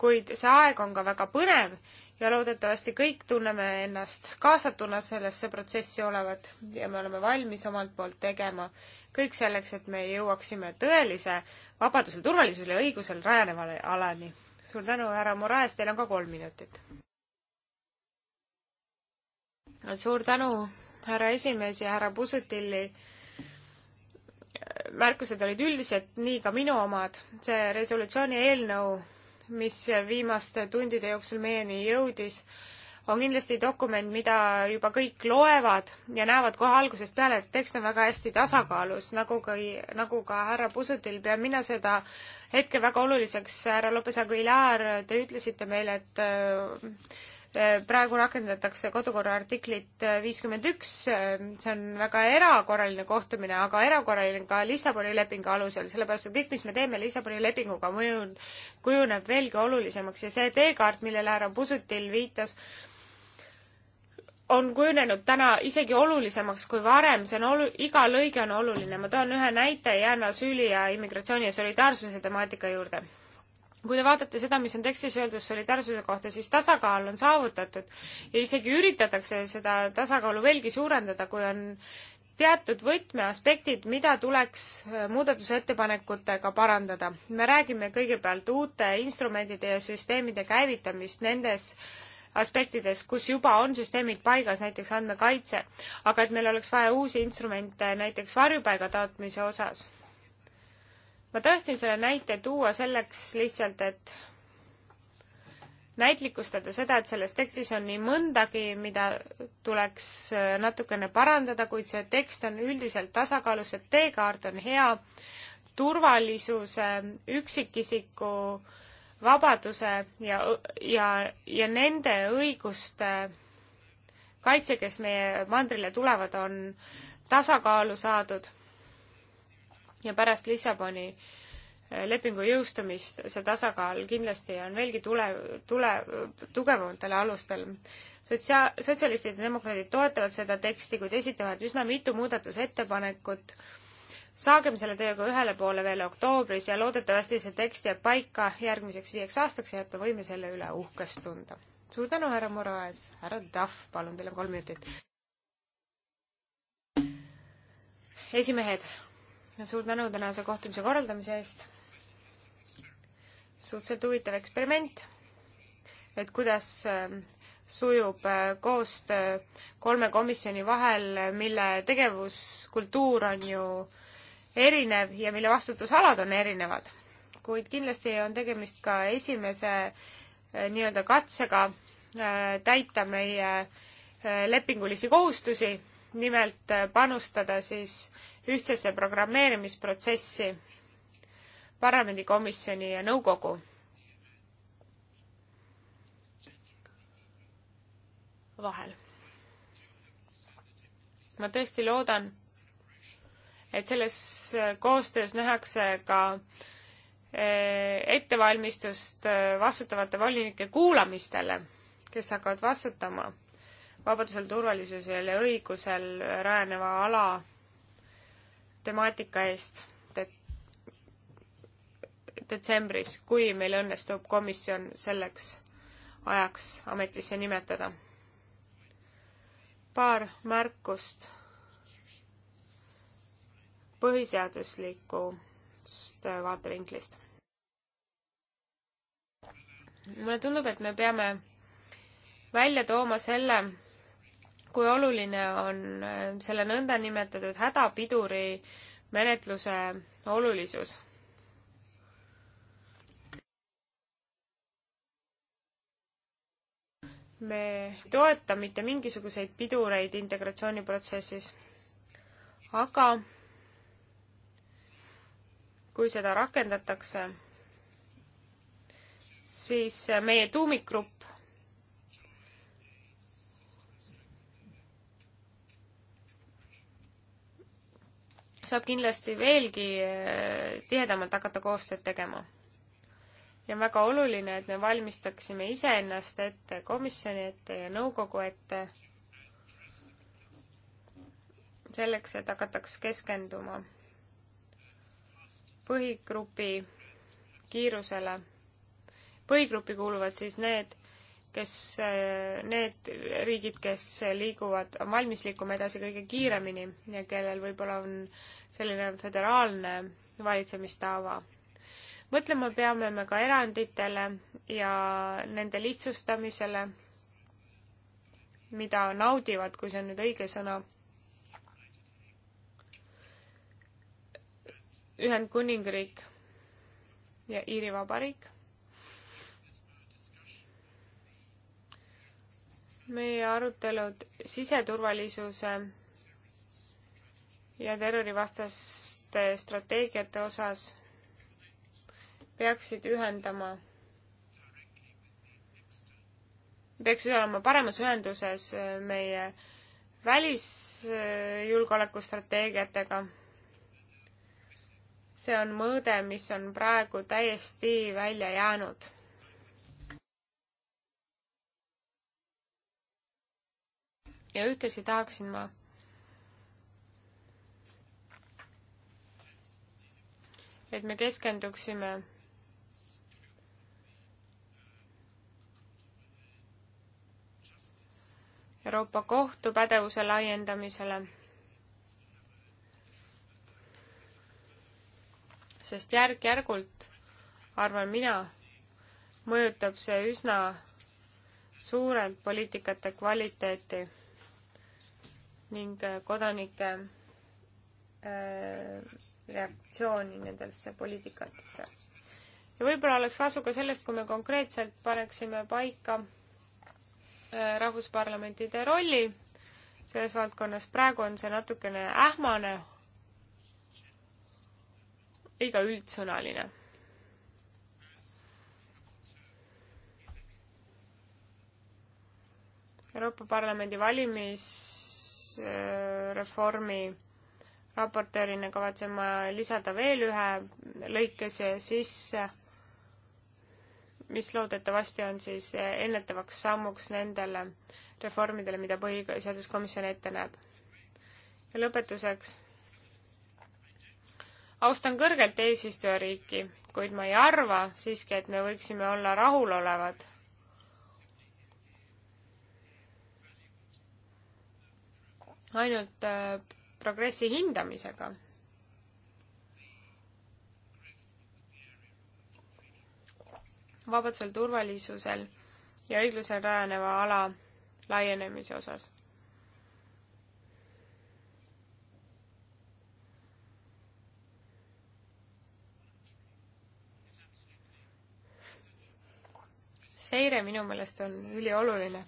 kuid see aeg on ka väga põnev ja loodetavasti kõik tunneme ennast kaasatuna sellesse protsessi olevat ja me oleme valmis omalt poolt tegema kõik selleks, et me jõuaksime tõelise vabadusel, turvalisusel ja õigusel rajanevale alani. suur tänu, härra Moraes, teil on ka kolm minutit. suur tänu, härra esimees ja härra Pusutilli märkused olid üldised, nii ka minu omad. see resolutsiooni eelnõu, mis viimaste tundide jooksul meieni jõudis, on kindlasti dokument, mida juba kõik loevad ja näevad kohe algusest peale, et tekst on väga hästi tasakaalus, nagu ka, nagu ka härra Pusutil pean mina seda hetke väga oluliseks. härra Lopez Aguilar, te ütlesite meile, et Äh, praegu rakendatakse kodukorra artiklit äh, viiskümmend üks, äh, see on väga erakorraline kohtumine, aga erakorraline ka Lissaboni lepingu alusel, sellepärast et kõik, mis me teeme Lissaboni lepinguga, mõju, kujuneb veelgi olulisemaks ja see teekaart, millele härra Pusutil viitas, on kujunenud täna isegi olulisemaks kui varem, see on olu-, iga lõige on oluline, ma toon ühe näite, jään asüüli ja immigratsiooni ja solidaarsuse temaatika juurde kui te vaatate seda, mis on tekstis öeldud solidaarsuse kohta, siis tasakaal on saavutatud ja isegi üritatakse seda tasakaalu veelgi suurendada, kui on teatud võtmeaspektid, mida tuleks äh, muudatusettepanekutega parandada. me räägime kõigepealt uute instrumentide ja süsteemide käivitamist nendes aspektides, kus juba on süsteemid paigas, näiteks andmekaitse, aga et meil oleks vaja uusi instrumente näiteks varjupaiga taotlemise osas ma tahtsin selle näite tuua selleks lihtsalt, et näitlikustada seda, et selles tekstis on nii mõndagi, mida tuleks äh, natukene parandada, kuid see tekst on üldiselt tasakaalus, et teekaart on hea, turvalisuse, üksikisiku, vabaduse ja, ja, ja nende õiguste kaitse, kes meie mandrile tulevad, on tasakaalu saadud ja pärast Lissaboni äh, lepingu jõustumist see tasakaal kindlasti on veelgi tule, tule, tugevamatele alustel. Sotsia-, sotsialistid ja demokraadid toetavad seda teksti, kuid esitavad üsna mitu muudatusettepanekut. saagem selle tööga ühele poole veel oktoobris ja loodetavasti see tekst jääb paika järgmiseks viieks aastaks ja et me võime selle üle uhkest tunda. suur tänu, härra Moraes, härra Duff, palun, teil on kolm minutit. esimehed suur tänu tänase kohtumise korraldamise eest. suhteliselt huvitav eksperiment, et kuidas ähm, sujub äh, koostöö kolme komisjoni vahel, mille tegevuskultuur on ju erinev ja mille vastutusalad on erinevad. kuid kindlasti on tegemist ka esimese äh, nii-öelda katsega äh, täita meie lepingulisi kohustusi, nimelt panustada siis ühtsesse programmeerimisprotsessi parlamendikomisjoni ja nõukogu. vahel. ma tõesti loodan, et selles koostöös nähakse ka eh, ettevalmistust eh, vastutavate volinike kuulamistele, kes hakkavad vastutama vabadusel, turvalisusel ja õigusel rajaneva ala temaatika eest de detsembris, kui meil õnnestub komisjon selleks ajaks ametisse nimetada. paar märkust põhiseaduslikust vaatevinklist. mulle tundub, et me peame välja tooma selle, kui oluline on äh, selle nõndanimetatud hädapiduri menetluse olulisus. me ei toeta mitte mingisuguseid pidureid integratsiooniprotsessis, aga kui seda rakendatakse, siis meie tuumikgrupp saab kindlasti veelgi eh, tihedamalt hakata koostööd tegema. ja on väga oluline, et me valmistaksime iseennast ette, komisjoni ette ja nõukogu ette, selleks, et hakataks keskenduma põhigrupi kiirusele. põhigrupi kuuluvad siis need, kes, eh, need riigid, kes liiguvad, on valmis liikuma edasi kõige kiiremini ja kellel võib-olla on selline föderaalne valitsemistava. mõtlema peame me ka eranditele ja nende lihtsustamisele, mida naudivad, kui see on nüüd õige sõna Ühendkuningriik ja Iiri Vabariik. meie arutelud siseturvalisuse ja terrorivastaste strateegiate osas peaksid ühendama, peaksid olema paremas ühenduses äh, meie välisjulgeolekustrateegiatega. see on mõõde, mis on praegu täiesti välja jäänud ja ühtlasi tahaksin ma et me keskenduksime Euroopa Kohtu pädevuse laiendamisele, sest järk-järgult, arvan mina, mõjutab see üsna suurelt poliitikate kvaliteeti ning äh, kodanike äh, reaktsiooni nendesse poliitikatesse. ja võib-olla oleks kasu ka sellest, kui me konkreetselt paneksime paika äh, rahvusparlamentide rolli selles valdkonnas, praegu on see natukene ähmane, iga üldsõnaline Euroopa Parlamendi valimis haldusreformi äh, raportöörina kavatsen ma lisada veel ühe lõike siia sisse, mis loodetavasti on siis äh, ennetavaks sammuks nendele reformidele, mida põhiseaduskomisjon ette näeb. ja lõpetuseks. austan kõrgelt eesistujariiki, kuid ma ei arva siiski, et me võiksime olla rahulolevad ainult äh, progressi hindamisega. vabadusel, turvalisusel ja õiglusel rajaneva ala laienemise osas seire minu meelest on ülioluline.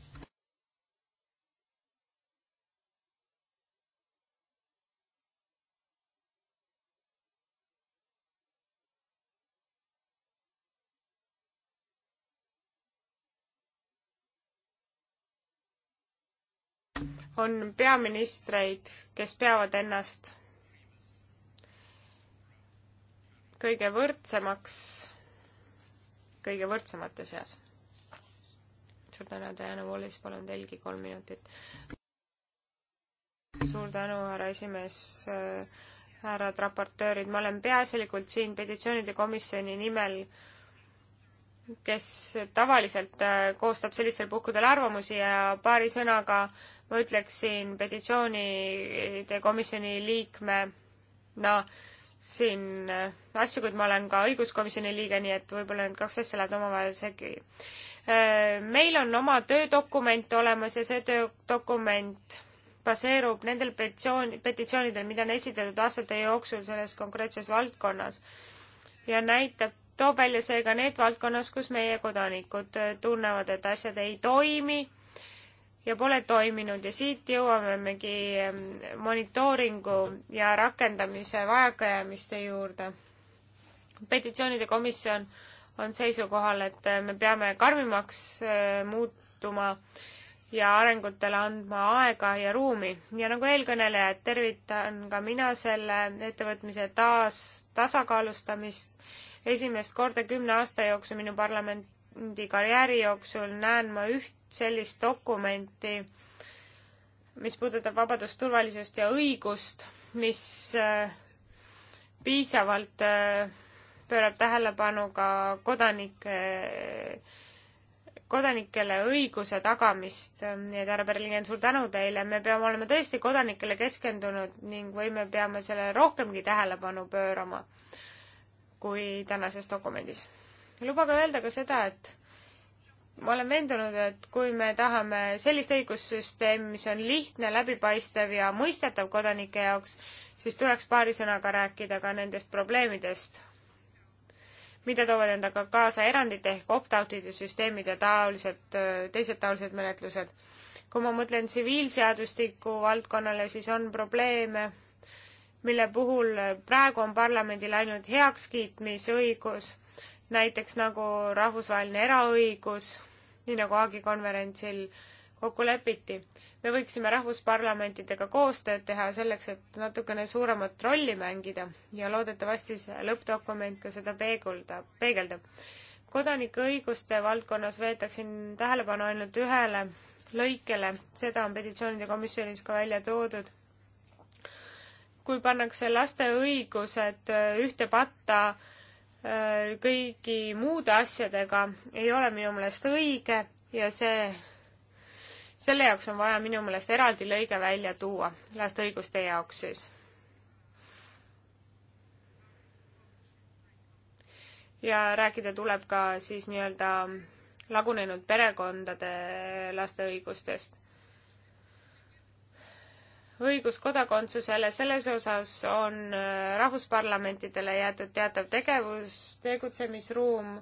on peaministreid, kes peavad ennast kõige võrdsemaks, kõige võrdsemate seas. suur tänu, Diana Wallis, palun teilgi kolm minutit. suur tänu, härra esimees, äh, härrad raportöörid, ma olen peaasjalikult siin petitsioonide komisjoni nimel äh, kes tavaliselt äh, koostab sellistel puhkudel arvamusi ja paari sõnaga ma ütleksin petitsioonide komisjoni liikmena siin äh, asju, kuid ma olen ka õiguskomisjoni liige, nii et võib-olla need kaks asja lähevad omavahel segi. Äh, meil on oma töödokument olemas ja see töödokument baseerub nendel petitsioon, petitsioonidel, mida on esitatud aastate jooksul selles konkreetses valdkonnas ja näitab toob välja seega need valdkonnas, kus meie kodanikud tunnevad, et asjad ei toimi ja pole toiminud ja siit jõuamegi monitooringu ja rakendamise vajakajäämiste juurde. petitsioonide komisjon on seisukohal, et me peame karmimaks eh, muutuma ja arengutele andma aega ja ruumi ja nagu eelkõnelejad, tervitan ka mina selle ettevõtmise taas tasakaalustamist esimest korda kümne aasta jooksul minu parlamendi karjääri jooksul näen ma üht sellist dokumenti, mis puudutab vabadust, turvalisust ja õigust, mis äh, piisavalt äh, pöörab tähelepanu ka kodanike, kodanikele õiguse tagamist. nii et härra Berlingen, suur tänu teile, me peame olema tõesti kodanikele keskendunud ning või me peame sellele rohkemgi tähelepanu pöörama kui tänases dokumendis. lubage öelda ka seda, et ma olen veendunud, et kui me tahame sellist õigussüsteemi, mis on lihtne, läbipaistev ja mõistetav kodanike jaoks, siis tuleks paari sõnaga rääkida ka nendest probleemidest, mida toovad endaga kaasa erandid ehk opt-out'ide süsteemid ja taolised, teised taolised menetlused. kui ma mõtlen tsiviilseadustiku valdkonnale, siis on probleeme mille puhul praegu on parlamendil ainult heakskiitmisõigus, näiteks nagu rahvusvaheline eraõigus, nii nagu Haagi konverentsil kokku lepiti. me võiksime rahvusparlamentidega koostööd teha selleks, et natukene suuremat rolli mängida ja loodetavasti see lõppdokument ka seda peegeldab, peegeldab. kodanikuõiguste valdkonnas veetaksin tähelepanu ainult ühele lõikele, seda on petitsioonide komisjonis ka välja toodud kui pannakse laste õigused äh, ühte patta äh, kõigi muude asjadega, ei ole minu meelest õige ja see, selle jaoks on vaja minu meelest eraldi lõige välja tuua, laste õiguste jaoks siis. ja rääkida tuleb ka siis nii-öelda lagunenud perekondade laste õigustest õigus kodakondsusele, selles osas on äh, rahvusparlamentidele jäetud teatav tegevus, tegutsemisruum,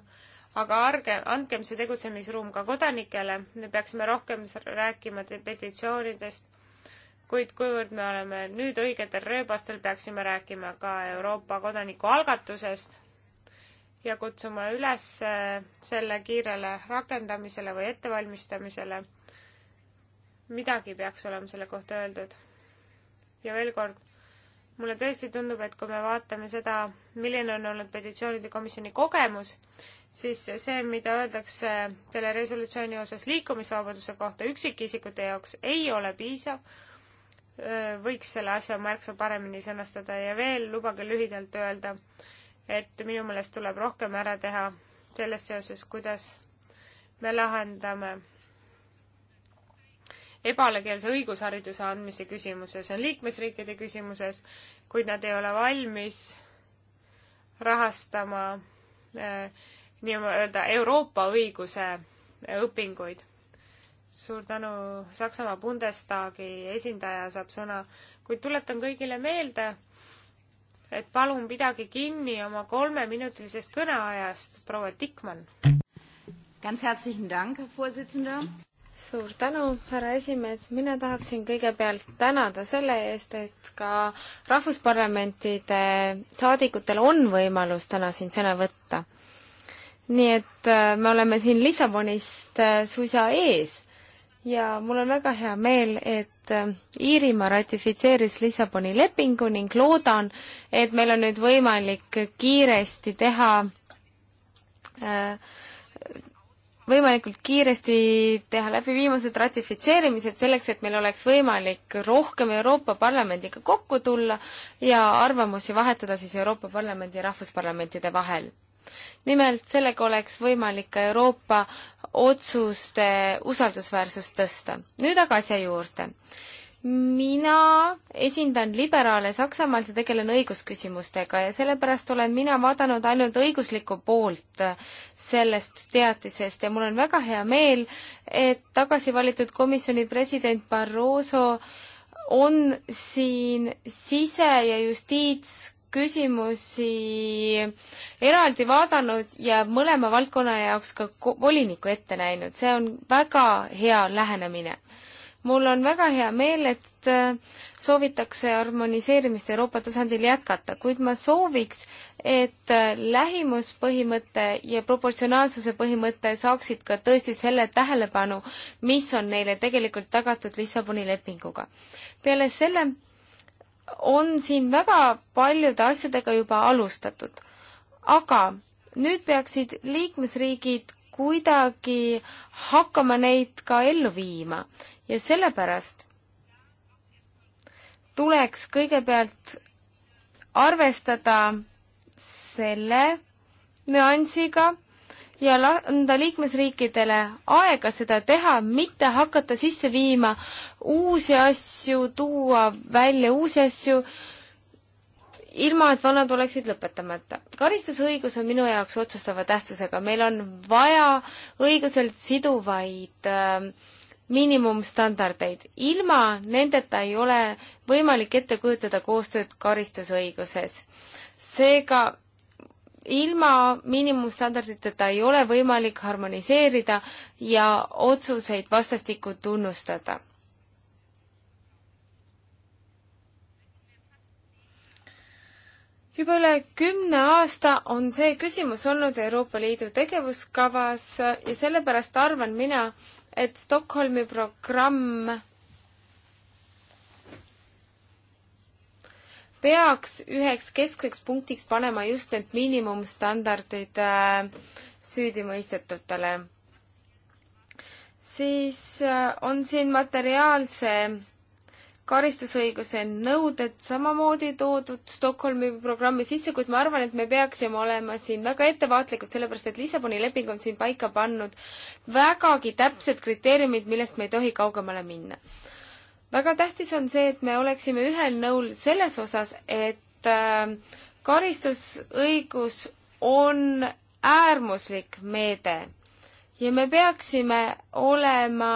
aga arge, andkem see tegutsemisruum ka kodanikele, me peaksime rohkem rääkima petitsioonidest, kuid kuivõrd me oleme nüüd õigetel rööbastel, peaksime rääkima ka Euroopa kodanikualgatusest ja kutsuma üles äh, selle kiirele rakendamisele või ettevalmistamisele midagi peaks olema selle kohta öeldud ja veel kord, mulle tõesti tundub, et kui me vaatame seda, milline on olnud petitsioonide komisjoni kogemus, siis see, mida öeldakse selle resolutsiooni osas liikumisvabaduse kohta üksikisikute jaoks, ei ole piisav, võiks selle asja märksa paremini sõnastada ja veel lubage lühidalt öelda, et minu meelest tuleb rohkem ära teha selles seoses, kuidas me lahendame ebalekeelse õigushariduse andmise küsimuses, see on liikmesriikide küsimuses, kuid nad ei ole valmis rahastama eh, nii-öelda Euroopa õiguse eh, õpinguid. suur tänu, Saksamaa Bundestagi esindaja saab sõna, kuid tuletan kõigile meelde, et palun pidage kinni oma kolmeminutilisest kõneajast, proua Tikman. Ganz herzlichen Dank, Herr Vorsitzender suur tänu, härra esimees, mina tahaksin kõigepealt tänada selle eest, et ka rahvusparlamentide saadikutel on võimalus täna siin sõna võtta. nii et äh, me oleme siin Lissabonist äh, suisa ees ja mul on väga hea meel, et äh, Iirimaa ratifitseeris Lissaboni lepingu ning loodan, et meil on nüüd võimalik kiiresti teha äh, võimalikult kiiresti teha läbi viimased ratifitseerimised selleks, et meil oleks võimalik rohkem Euroopa Parlamendiga kokku tulla ja arvamusi vahetada siis Euroopa Parlamendi ja rahvusparlamentide vahel. nimelt sellega oleks võimalik ka Euroopa otsuste usaldusväärsust tõsta. nüüd aga asja juurde mina esindan liberaale Saksamaalt ja tegelen õigusküsimustega ja sellepärast olen mina vaadanud ainult õiguslikku poolt sellest teatisest ja mul on väga hea meel, et tagasi valitud komisjoni president Barroso on siin sise- ja justiitsküsimusi eraldi vaadanud ja mõlema valdkonna jaoks ka voliniku ette näinud, see on väga hea lähenemine mul on väga hea meel, et äh, soovitakse harmoniseerimist Euroopa tasandil jätkata, kuid ma sooviks, et äh, lähimuspõhimõte ja proportsionaalsuse põhimõte saaksid ka tõesti selle tähelepanu, mis on neile tegelikult tagatud Lissaboni lepinguga. peale selle on siin väga paljude asjadega juba alustatud, aga nüüd peaksid liikmesriigid kuidagi hakkama neid ka ellu viima ja sellepärast tuleks kõigepealt arvestada selle nüansiga ja anda liikmesriikidele aega seda teha, mitte hakata sisse viima uusi asju, tuua välja uusi asju ilma, et vanad oleksid lõpetamata. karistusõigus on minu jaoks otsustava tähtsusega, meil on vaja õiguselt siduvaid äh, miinimumstandardeid. ilma nendeta ei ole võimalik ette kujutada koostööd karistusõiguses. seega ilma miinimumstandarditeta ei ole võimalik harmoniseerida ja otsuseid vastastikku tunnustada. juba üle kümne aasta on see küsimus olnud Euroopa Liidu tegevuskavas ja sellepärast arvan mina, et Stockholmi programm peaks üheks keskseks punktiks panema just need miinimumstandardid äh, süüdimõistetutele. siis äh, on siin materiaalse karistusõiguse nõuded samamoodi toodud Stockholmi programmi sisse, kuid ma arvan, et me peaksime olema siin väga ettevaatlikud, sellepärast et Lissaboni leping on siin paika pannud vägagi täpsed kriteeriumid, millest me ei tohi kaugemale minna. väga tähtis on see, et me oleksime ühel nõul selles osas, et äh, karistusõigus on äärmuslik meede ja me peaksime olema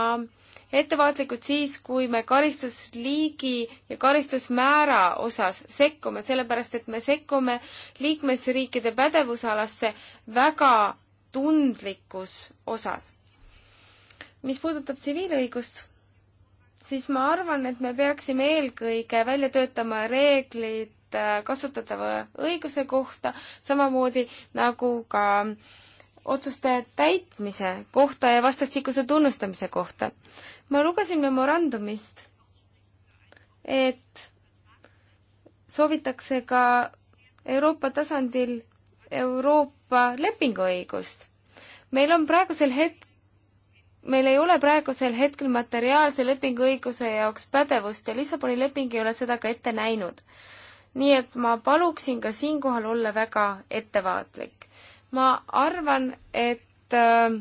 ettevaatlikud siis, kui me karistusliigi ja karistusmäära osas sekkume, sellepärast et me sekkume liikmesriikide pädevusalasse väga tundlikus osas. mis puudutab tsiviilõigust, siis ma arvan, et me peaksime eelkõige välja töötama reeglid äh, kasutatava õiguse kohta, samamoodi nagu ka äh, otsuste täitmise kohta ja vastastikuse tunnustamise kohta. ma lugesin memorandumist, et soovitakse ka Euroopa tasandil Euroopa lepinguõigust. meil on praegusel hetk-, meil ei ole praegusel hetkel materiaalse lepinguõiguse jaoks pädevust ja Lissaboni leping ei ole seda ka ette näinud. nii et ma paluksin ka siinkohal olla väga ettevaatlik ma arvan, et äh,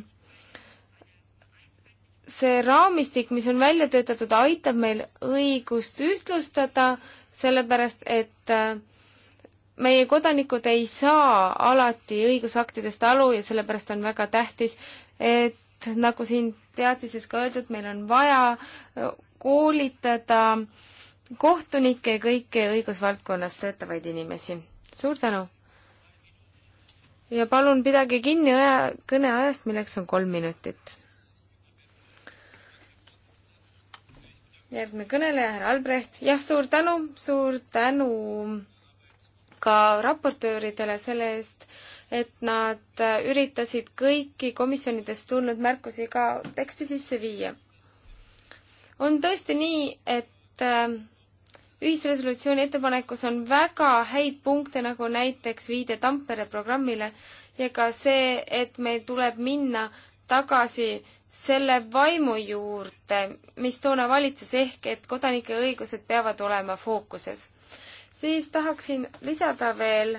see raamistik, mis on välja töötatud, aitab meil õigust ühtlustada, sellepärast et äh, meie kodanikud ei saa alati õigusaktidest aru ja sellepärast on väga tähtis, et nagu siin teadises ka öeldud, meil on vaja äh, koolitada kohtunikke ja kõiki õigusvaldkonnas töötavaid inimesi. suur tänu! ja palun pidage kinni aja, kõneajast, milleks on kolm minutit. järgmine kõneleja, härra Albrecht. jah, suur tänu, suur tänu ka raportööridele selle eest, et nad üritasid kõiki komisjonidest tulnud märkusi ka teksti sisse viia. on tõesti nii, et äh, ühisresolutsiooni ettepanekus on väga häid punkte, nagu näiteks viide Tampere programmile ja ka see, et meil tuleb minna tagasi selle vaimu juurde, mis toona valitses, ehk et kodanike õigused peavad olema fookuses. siis tahaksin lisada veel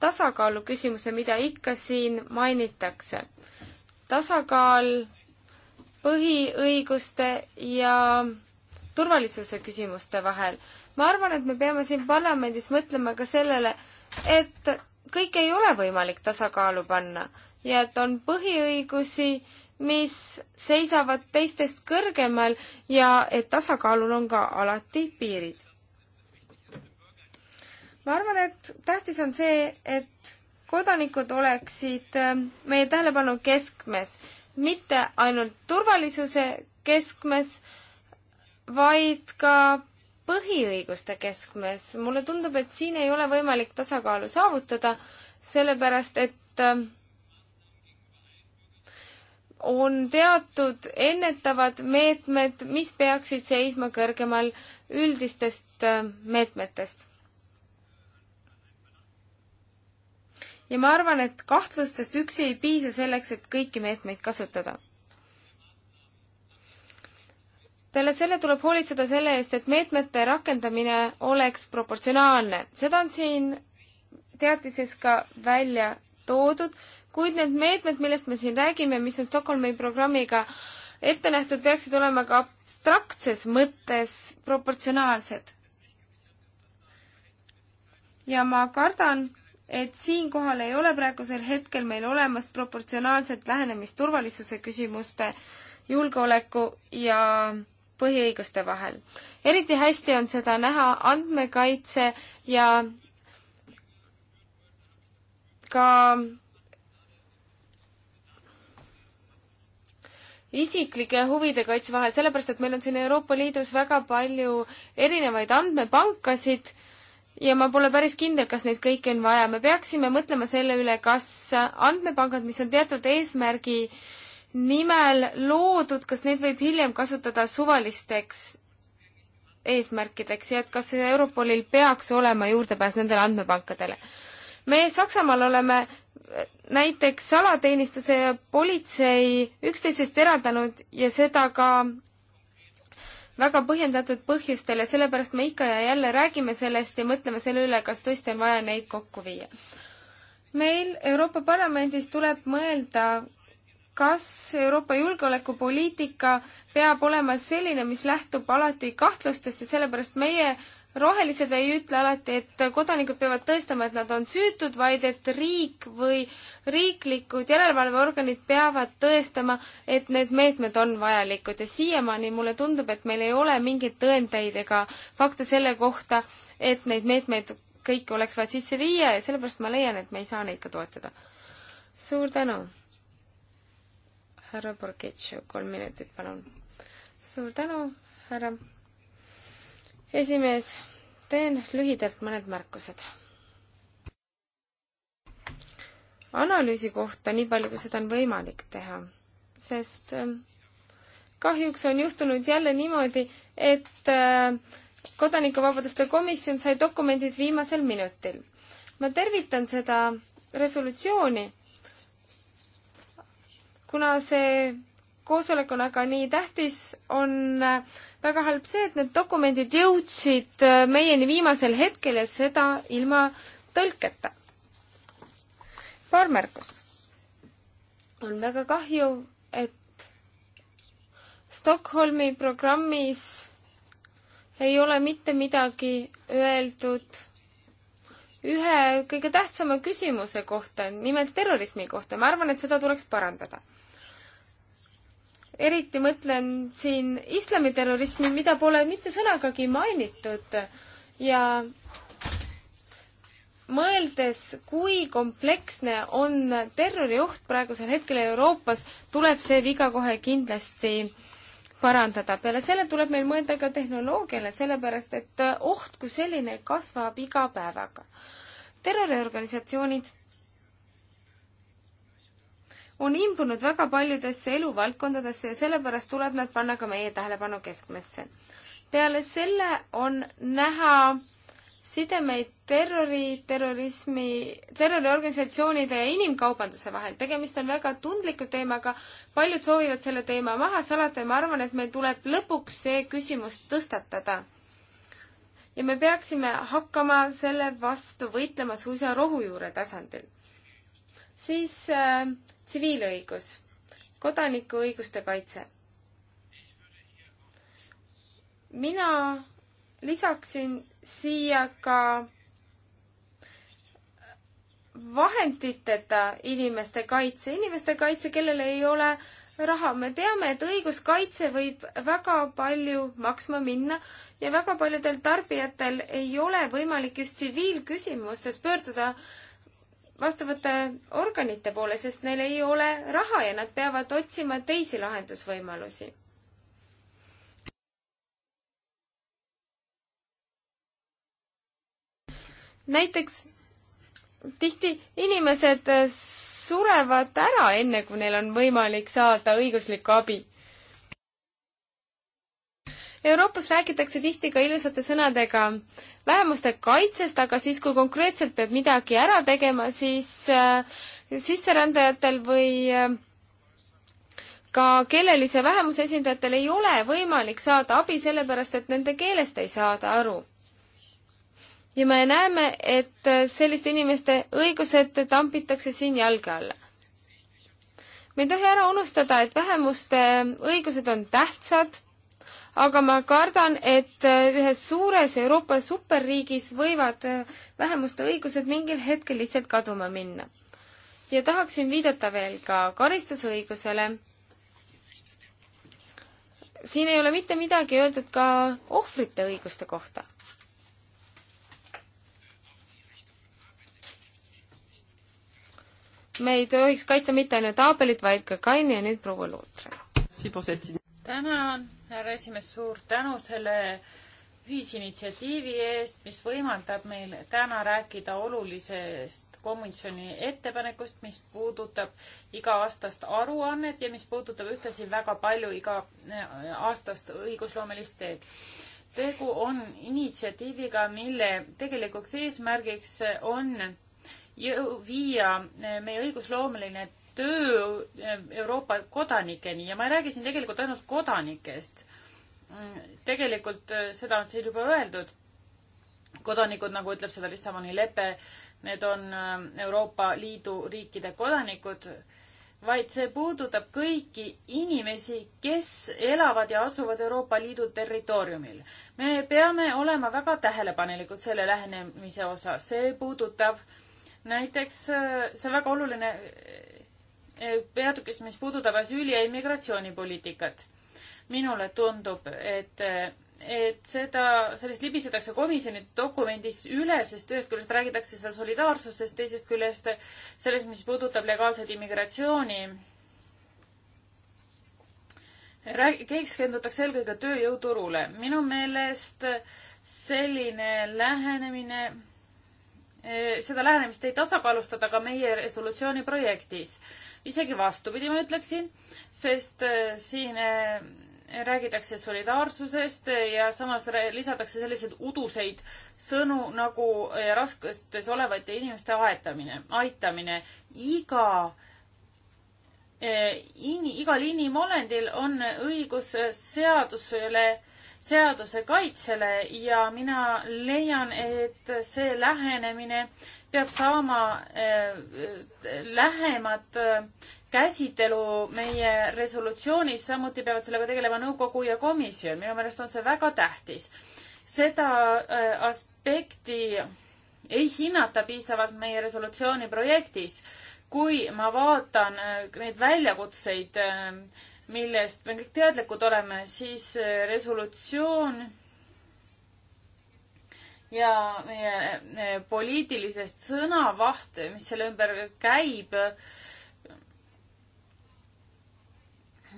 tasakaalu küsimuse, mida ikka siin mainitakse. tasakaal põhiõiguste ja turvalisuse küsimuste vahel ma arvan, et me peame siin parlamendis mõtlema ka sellele, et kõike ei ole võimalik tasakaalu panna ja et on põhiõigusi, mis seisavad teistest kõrgemal ja et tasakaalul on ka alati piirid. ma arvan, et tähtis on see, et kodanikud oleksid äh, meie tähelepanu keskmes, mitte ainult turvalisuse keskmes, vaid ka põhiõiguste keskmes. mulle tundub, et siin ei ole võimalik tasakaalu saavutada, sellepärast et äh, on teatud ennetavad meetmed, mis peaksid seisma kõrgemal üldistest äh, meetmetest. ja ma arvan, et kahtlustest üksi ei piisa selleks, et kõiki meetmeid kasutada peale selle tuleb hoolitseda selle eest, et meetmete rakendamine oleks proportsionaalne. seda on siin teatises ka välja toodud, kuid need meetmed, millest me siin räägime, mis on Stockholmi programmiga ette nähtud, peaksid olema ka abstraktses mõttes proportsionaalsed. ja ma kardan, et siinkohal ei ole praegusel hetkel meil olemas proportsionaalset lähenemist turvalisuse küsimuste, julgeoleku ja äh, põhiõiguste vahel. eriti hästi on seda näha andmekaitse ja ka isiklike huvide kaitse vahel, sellepärast et meil on siin Euroopa Liidus väga palju erinevaid andmepankasid ja ma pole päris kindel, kas neid kõiki on vaja. me peaksime mõtlema selle üle, kas andmepangad, mis on teatud eesmärgi äh, nimel loodud, kas neid võib hiljem kasutada suvalisteks eesmärkideks ja et kas Europolil peaks olema juurdepääs nendele andmepankadele? me Saksamaal oleme eh, näiteks salateenistuse ja politsei üksteisest eraldanud ja seda ka väga põhjendatud põhjustel ja sellepärast me ikka ja jälle räägime sellest ja mõtleme selle üle, kas tõesti on vaja neid kokku viia. meil Euroopa Parlamendis tuleb mõelda kas Euroopa julgeolekupoliitika peab olema selline, mis lähtub alati kahtlustest ja sellepärast meie rohelised ei ütle alati, et kodanikud peavad tõestama, et nad on süütud, vaid et riik või riiklikud järelevalveorganid peavad tõestama, et need meetmed on vajalikud ja siiamaani mulle tundub, et meil ei ole mingeid tõendeid ega fakte selle kohta, et neid meetmeid kõiki oleks vaja sisse viia ja sellepärast ma leian, et me ei saa neid ka toetada. suur tänu! härra Borgetšo, kolm minutit, palun. suur tänu, härra esimees. teen lühidalt mõned märkused. analüüsi kohta nii palju, kui seda on võimalik teha, sest äh, kahjuks on juhtunud jälle niimoodi, et äh, kodanikuvabaduste komisjon sai dokumendid viimasel minutil. ma tervitan seda resolutsiooni kuna see koosolek on aga nii tähtis, on väga halb see, et need dokumendid jõudsid meieni viimasel hetkel ja seda ilma tõlketa. paar märkust. on väga kahju, et Stockholmi programmis ei ole mitte midagi öeldud ühe kõige tähtsama küsimuse kohta, nimelt terrorismi kohta. ma arvan, et seda tuleks parandada eriti mõtlen siin islamiterrorismi, mida pole mitte sõnagagi mainitud ja mõeldes, kui kompleksne on terrorioht praegusel hetkel Euroopas, tuleb see viga kohe kindlasti parandada. peale selle tuleb meil mõelda ka tehnoloogiale, sellepärast et oht kui selline kasvab iga päevaga. terroriorganisatsioonid on imbunud väga paljudesse eluvaldkondadesse ja sellepärast tuleb nad panna ka meie tähelepanu keskmesse. peale selle on näha sidemeid terrori, terrorismi, terroriorganisatsioonide ja inimkaubanduse vahel. tegemist on väga tundliku teemaga, paljud soovivad selle teema maha salata ja ma arvan, et meil tuleb lõpuks see küsimus tõstatada. ja me peaksime hakkama selle vastu võitlema suisa rohujuure tasandil siis äh, tsiviilõigus äh,, kodanikuõiguste kaitse. mina lisaksin siia ka vahenditeta inimeste kaitse, inimeste kaitse, kellel ei ole raha, me teame, et õiguskaitse võib väga palju maksma minna ja väga paljudel tarbijatel ei ole võimalik just tsiviilküsimustes pöörduda äh, vastavate organite poole, sest neil ei ole raha ja nad peavad otsima teisi lahendusvõimalusi. näiteks tihti inimesed surevad ära, enne kui neil on võimalik saada õiguslikku abi. Euroopas räägitakse tihti ka ilusate sõnadega äh, vähemuste kaitsest, aga siis, kui konkreetselt peab midagi ära tegema, siis äh, sisserändajatel või äh, ka keelelise vähemuse esindajatel ei ole võimalik saada abi, sellepärast et nende keelest ei saada aru. ja me näeme, et äh, selliste inimeste õigused tambitakse siin jalge alla. me ei tohi ära unustada, et vähemuste õigused on tähtsad aga ma kardan, et äh, ühes suures Euroopa superriigis võivad äh, vähemuste õigused mingil hetkel lihtsalt kaduma minna. ja tahaksin viidata veel ka karistusõigusele. siin ei ole mitte midagi öeldud ka ohvrite õiguste kohta. me ei tohiks kaitsta mitte ainult Aabelit, vaid ka Kaini ja nüüd proua Luutri. tänan härra esimees, suur tänu selle ühisinitsiatiivi eest, mis võimaldab meil täna rääkida olulisest komisjoni ettepanekust, mis puudutab iga-aastast aruannet ja mis puudutab ühtlasi väga palju iga-aastast äh, õigusloomelist teed. tegu on initsiatiiviga, mille tegelikuks eesmärgiks on viia äh, meie õigusloomeline töö eh, Euroopa kodanikeni ja ma ei räägi siin tegelikult ainult kodanikest. Mm, tegelikult eh, seda on siin juba öeldud. kodanikud, nagu ütleb seda Lissaboni lepe, need on eh, Euroopa Liidu riikide kodanikud, vaid see puudutab kõiki inimesi, kes elavad ja asuvad Euroopa Liidu territooriumil. me peame olema väga tähelepanelikud selle lähenemise osas, see puudutab näiteks, see on väga oluline peatükis, mis puudutab asüüli ja immigratsioonipoliitikat. minule tundub, et, et seda, sellest libisetakse komisjoni dokumendis üle, sest ühest küljest räägitakse seal solidaarsusest, teisest küljest sellest, mis puudutab legaalset immigratsiooni. räägi-, keskendutakse eelkõige tööjõuturule. minu meelest selline lähenemine eh, seda lähenemist ei tasakaalustada ka meie resolutsiooni projektis isegi vastupidi, ma ütleksin, sest äh, siin äh, räägitakse solidaarsusest äh, ja samas lisatakse selliseid uduseid sõnu nagu raskustes olevate inimeste aetamine, aitamine. iga in, igal inimolendil on õigus seadusele seaduse kaitsele ja mina leian, et see lähenemine peab saama eh, lähemat eh, käsitelu meie resolutsioonis, samuti peavad sellega tegelema nõukogu ja komisjon, minu meelest on see väga tähtis. seda eh, aspekti ei hinnata piisavalt meie resolutsiooni projektis. kui ma vaatan neid väljakutseid äh, millest me kõik teadlikud oleme, siis äh, resolutsioon ja meie äh, poliitilisest sõnavaht, mis selle ümber käib.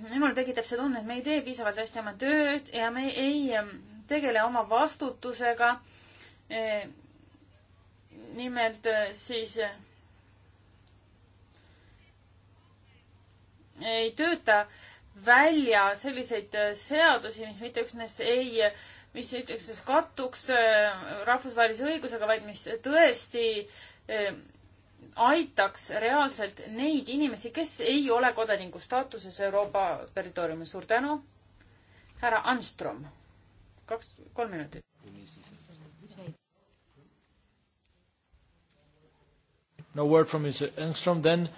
minul tekitab see tunne, et me ei tee piisavalt hästi oma tööd ja me ei ähm, tegele oma vastutusega. Äh, nimelt siis ei tööta äh, välja selliseid äh, seadusi, mis mitte üksnes ei, mis mitte üksnes kattuks äh, rahvusvahelise õigusega, vaid mis tõesti äh, aitaks reaalselt neid inimesi, kes ei ole kodaniku staatuses Euroopa territooriumil. suur tänu, härra Anstrom. kaks, kolm minutit. No word from Mr Engström then.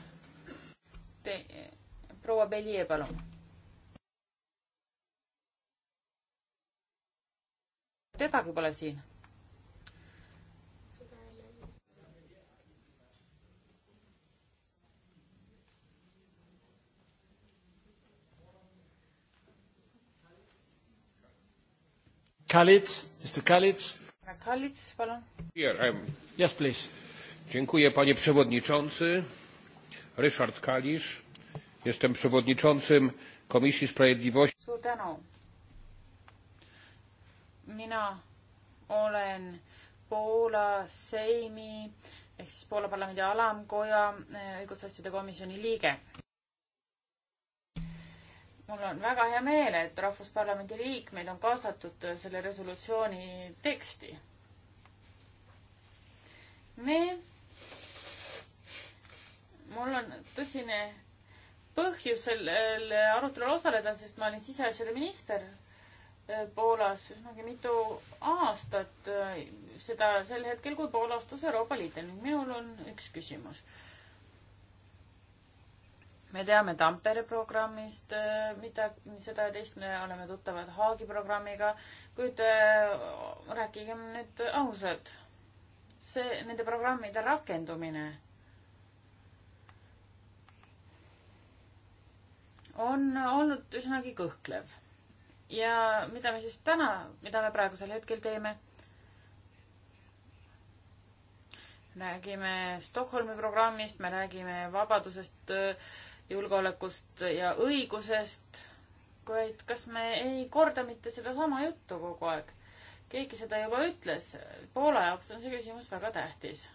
proua Belje, palun kedagi pole siin. Kalits, Mr Kalits. Kalits, palun. Here I am. Yes, please. Dziękuję panie przewodniczący. Ryszard Kalisz. Jestem przewodniczącym Komisji Sprawiedliwości. Suur tänu mina olen Poola Seimi ehk siis Poola parlamendi alamkoja eh, õigusasjade komisjoni liige. mul on väga hea meel, et Rahvusparlamendi liikmeid on kaasatud eh, selle resolutsiooni teksti. me, mul on tõsine põhjus sellel eh, arutelul osaleda, sest ma olin siseasjade minister Äh, Poolas üsnagi mitu aastat, äh, seda sel hetkel, kui Poola astus Euroopa Liitu ning minul on üks küsimus. me teame Tampere programmist äh, mida, seda ja teist, me oleme tuttavad Haagi programmiga, kuid rääkigem nüüd ausalt, see, nende programmide rakendumine on olnud üsnagi kõhklev ja mida me siis täna, mida me praegusel hetkel teeme? räägime Stockholmi programmist, me räägime vabadusest, julgeolekust ja õigusest, kuid kas me ei korda mitte sedasama juttu kogu aeg? keegi seda juba ütles, Poola jaoks on see küsimus väga tähtis.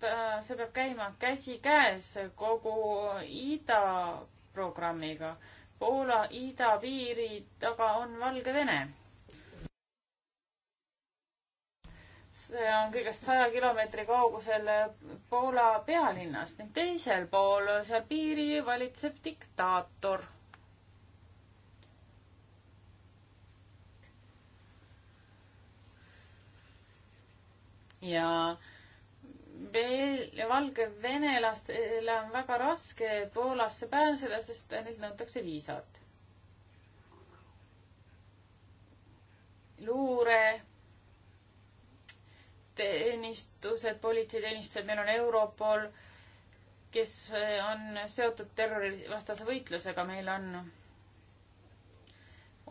ta, see peab käima käsikäes kogu ida programmiga Poola idapiiri taga on Valgevene. see on kõigest saja kilomeetri kaugusel Poola pealinnast ning teisel pool seal piiri valitseb diktaator ja Bel-, valgevenelastele on väga raske Poolasse pääseda, sest neilt nõutakse viisat. luure teenistused, politseiteenistused, meil on Europol, kes on seotud terrorivastase võitlusega, meil on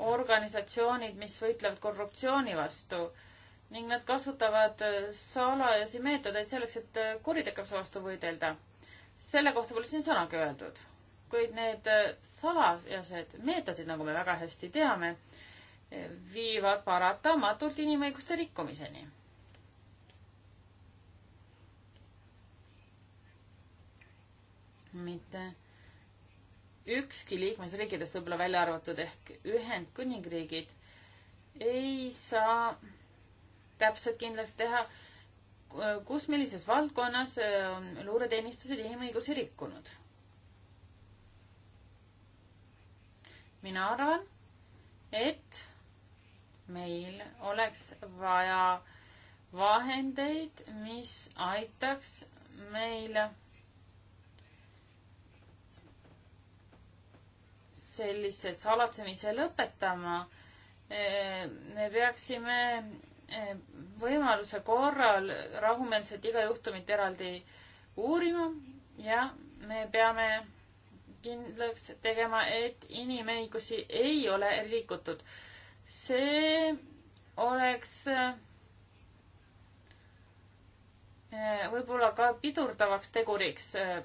organisatsioonid, mis võitlevad korruptsiooni vastu ning nad kasutavad äh, salajasi meetodeid selleks, et äh, kuritegevuse vastu võidelda. selle kohta pole siin sõnagi öeldud, kuid need äh, salajased meetodid, nagu me väga hästi teame, viivad paratamatult inimõiguste rikkumiseni. mitte ükski liikmesriikidest, võib-olla välja arvatud ehk Ühendkuningriigid, ei saa täpselt kindlaks teha, kus, millises valdkonnas äh, on luureteenistused inimõigusi rikkunud. mina arvan, et meil oleks vaja vahendeid, mis aitaks meil sellise salatsemise lõpetama. Äh, me peaksime võimaluse korral rahumeelselt iga juhtumit eraldi uurima ja me peame kindlaks tegema, et inimõigusi ei ole rikutud. see oleks eh, võib-olla ka pidurdavaks teguriks eh,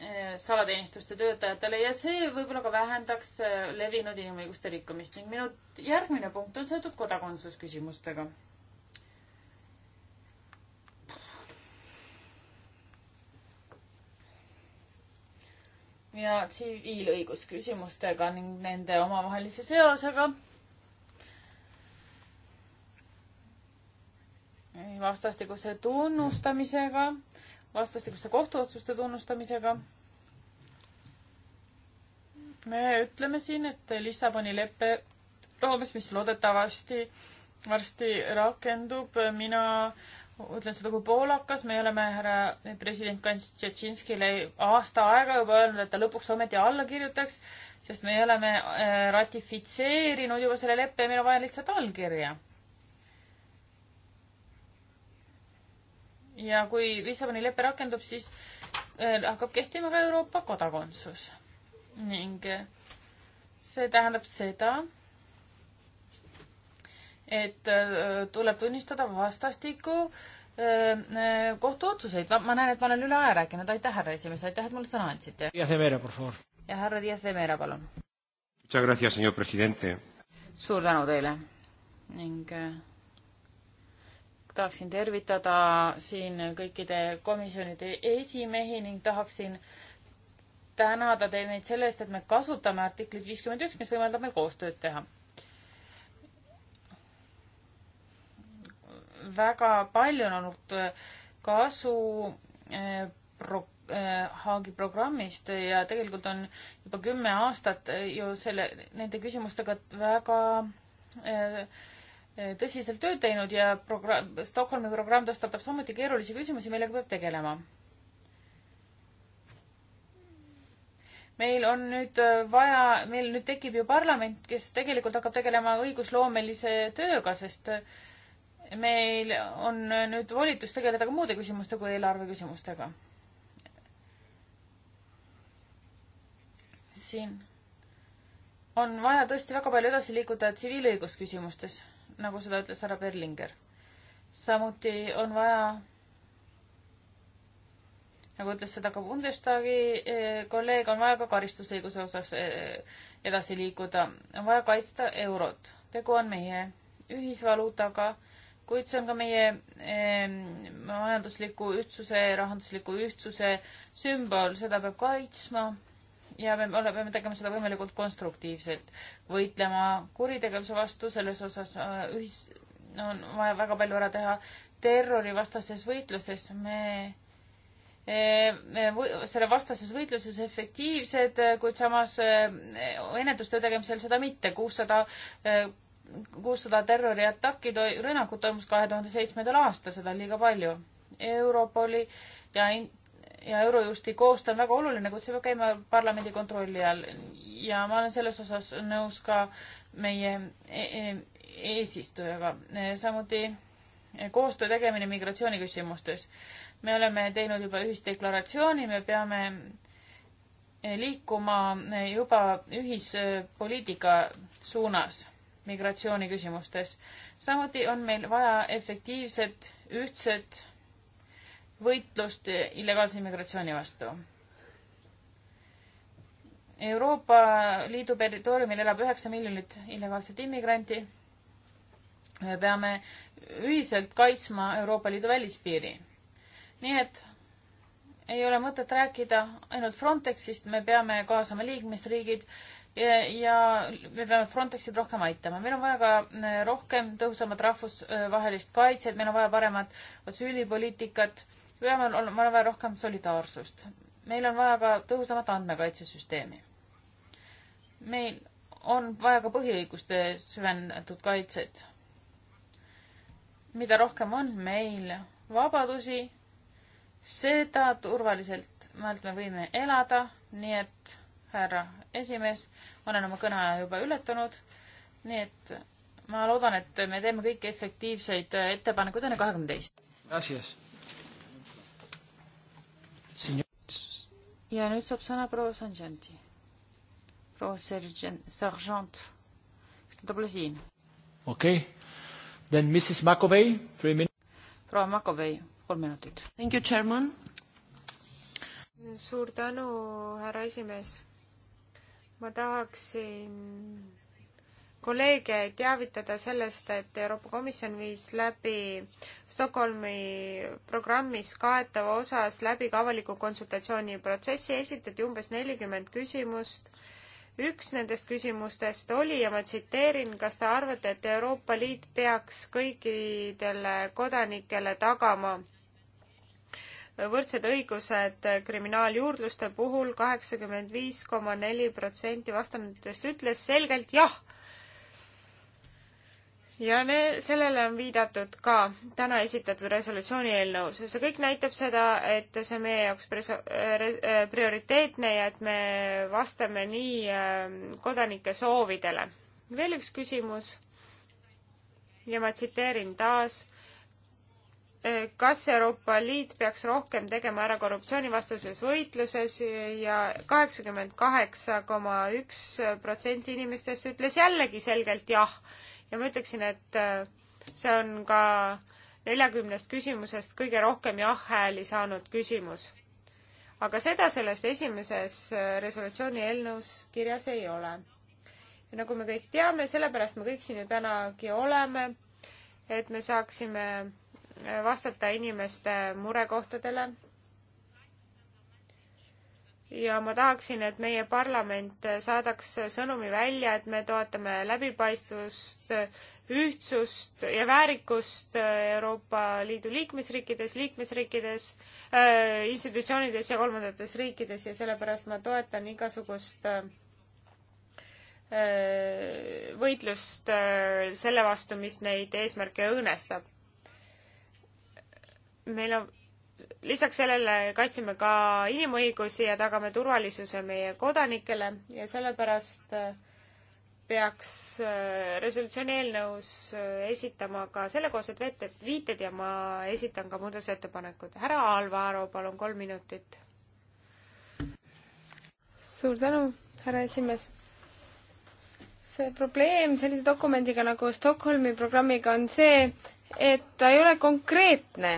Eh, salateenistuste töötajatele ja see võib-olla ka vähendaks eh, levinud inimõiguste rikkumist ning minu järgmine punkt on seotud kodakondsusküsimustega. ja tsiviilõigusküsimustega ning nende omavahelise seosega. vastastikuse tunnustamisega mm vastastikuste kohtuotsuste tunnustamisega. me ütleme siin, et Lissaboni leppe raames, mis loodetavasti varsti rakendub, mina ütlen seda kui poolakas, me oleme härra president Kants Tšetšinskile aasta aega juba öelnud, et ta lõpuks ometi alla kirjutaks, sest me oleme äh, ratifitseerinud juba selle leppe ja meil on vaja lihtsalt allkirja ja kui Lissaboni lepe rakendub, siis äh, hakkab kehtima ka Euroopa kodakondsus. ning äh, see tähendab seda, et äh, tuleb tunnistada vastastikku kohtuotsuseid. ma näen, et ma olen üle aja rääkinud. aitäh, härra esimees, aitäh, et mulle sõna andsite. ja härra Dias de Mera, palun. suur tänu teile ning tahaksin tervitada siin kõikide komisjonide esimehi ning tahaksin tänada teid neid selle eest, et me kasutame artiklit viiskümmend üks, mis võimaldab meil koostööd teha. väga palju on olnud kasu eh, pro, eh, Haagi programmist ja tegelikult on juba kümme aastat ju selle, nende küsimustega väga eh, tõsiselt tööd teinud ja programm, Stockholmi programm tõstatab samuti keerulisi küsimusi, millega peab tegelema. meil on nüüd äh, vaja, meil nüüd tekib ju parlament, kes tegelikult hakkab tegelema õigusloomelise tööga, sest äh, meil on äh, nüüd volitus tegeleda ka muude küsimuste kui eelarve küsimustega. siin on vaja tõesti väga palju edasi liikuda tsiviilõigusküsimustes nagu seda ütles härra Berlinger. samuti on vaja, nagu ütles seda ka Bundestagi eh, kolleeg, on vaja ka karistusõiguse osas eh, edasi liikuda, on vaja kaitsta eurot. tegu on meie ühisvaluutaga, kuid see on ka meie eh, majandusliku ühtsuse, rahandusliku ühtsuse sümbol, seda peab kaitsma ja me oleme, peame tegema seda võimalikult konstruktiivselt, võitlema kuritegevuse vastu, selles osas äh, ühis, no, on vaja väga palju ära teha, terrorivastases võitluses me e, me selle vastases võitluses efektiivsed, kuid samas e, ennetustöö tegemisel seda mitte. kuussada, e, kuussada terroriataki, rünnakut toimus kahe tuhande seitsmendal aastal, seda on liiga palju. Europoli ja in-, ja Eurojusti koostöö on väga oluline, kuid see peab käima parlamendi kontrolli all ja ma olen selles osas nõus ka meie eesistujaga e e e. samuti koostöö tegemine migratsiooniküsimustes. me oleme teinud juba ühisdeklaratsiooni, me peame liikuma juba ühispoliitika suunas migratsiooniküsimustes. samuti on meil vaja efektiivset, ühtset võitlust illegaalse immigratsiooni vastu. Euroopa Liidu territooriumil elab üheksa miljonit illegaalset immigranti. me peame ühiselt kaitsma Euroopa Liidu välispiiri. nii et ei ole mõtet rääkida ainult Frontexist, me peame kaasama liikmesriigid ja, ja me peame Frontexit rohkem aitama. meil on vaja ka eh, rohkem tõhusamat rahvusvahelist kaitset, meil on vaja paremat asüülipoliitikat peame olema vaja rohkem solidaarsust. meil on vaja ka tõhusamat andmekaitsesüsteemi. meil on vaja ka põhiõiguste süvendatud kaitset. mida rohkem on meil vabadusi, seda turvaliselt me võime elada, nii et härra esimees, ma olen oma kõneaja juba ületanud, nii et ma loodan, et me teeme kõiki efektiivseid ettepanekuid enne kahekümne teist. Gracias ja nüüd saab sõna proua Sargenti. proua Sergent, Sargent, kas ta pole siin? okei okay., then Mrs McAvey, three minutes. proua McAvey, kolm minutit. Thank you, chairman. suur tänu, härra esimees. ma tahaksin kolleege teavitada sellest, et Euroopa Komisjon viis läbi Stockholmi programmis kaetava osas läbi ka avaliku konsultatsiooniprotsessi, esitati umbes nelikümmend küsimust. üks nendest küsimustest oli ja ma tsiteerin, kas te arvate, et Euroopa Liit peaks kõikidele kodanikele tagama võrdsed õigused kriminaaljuurdluste puhul kaheksakümmend viis koma neli protsenti vastanutest ütles selgelt jah ja ne-, sellele on viidatud ka täna esitatud resolutsiooni eelnõus ja see kõik näitab seda, et see on meie jaoks preso-, re-, prioriteetne ja et me vastame nii äh, kodanike soovidele. veel üks küsimus ja ma tsiteerin taas, äh, kas Euroopa Liit peaks rohkem tegema ära korruptsioonivastases võitluses ja kaheksakümmend kaheksa koma üks protsenti inimestest ütles jällegi selgelt jah ja ma ütleksin, et äh, see on ka neljakümnest küsimusest kõige rohkem jah-hääli saanud küsimus. aga seda sellest esimeses äh, resolutsiooni eelnõus kirjas ei ole. ja nagu me kõik teame, sellepärast me kõik siin ju tänagi oleme, et me saaksime äh, vastata inimeste murekohtadele, ja ma tahaksin, et meie parlament saadaks sõnumi välja, et me toetame läbipaistvust, ühtsust ja väärikust Euroopa Liidu liikmesriikides, liikmesriikides äh,, institutsioonides ja kolmandates riikides ja sellepärast ma toetan igasugust äh, võitlust äh, selle vastu, mis neid eesmärke õõnestab. meil on lisaks sellele kaitseme ka inimõigusi ja tagame turvalisuse meie kodanikele ja sellepärast äh, peaks äh, resolutsiooni eelnõus äh, esitama ka sellekohased viited ja ma esitan ka muudatusettepanekud. härra Alvaro, palun kolm minutit. suur tänu, härra esimees see probleem sellise dokumendiga nagu Stockholmi programmiga on see, et ta ei ole konkreetne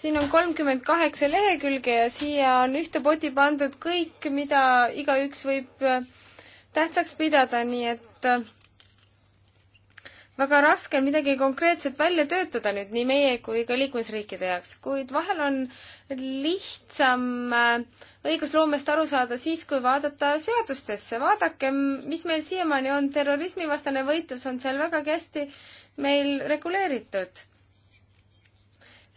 siin on kolmkümmend kaheksa lehekülge ja siia on ühte poti pandud kõik, mida igaüks võib äh, tähtsaks pidada, nii et äh, väga raske on midagi konkreetset välja töötada nüüd nii meie kui ka liikmesriikide jaoks, kuid vahel on lihtsam äh, õigusloomest aru saada siis, kui vaadata seadustesse. vaadake, mis meil siiamaani on, terrorismivastane võitlus on seal vägagi hästi meil reguleeritud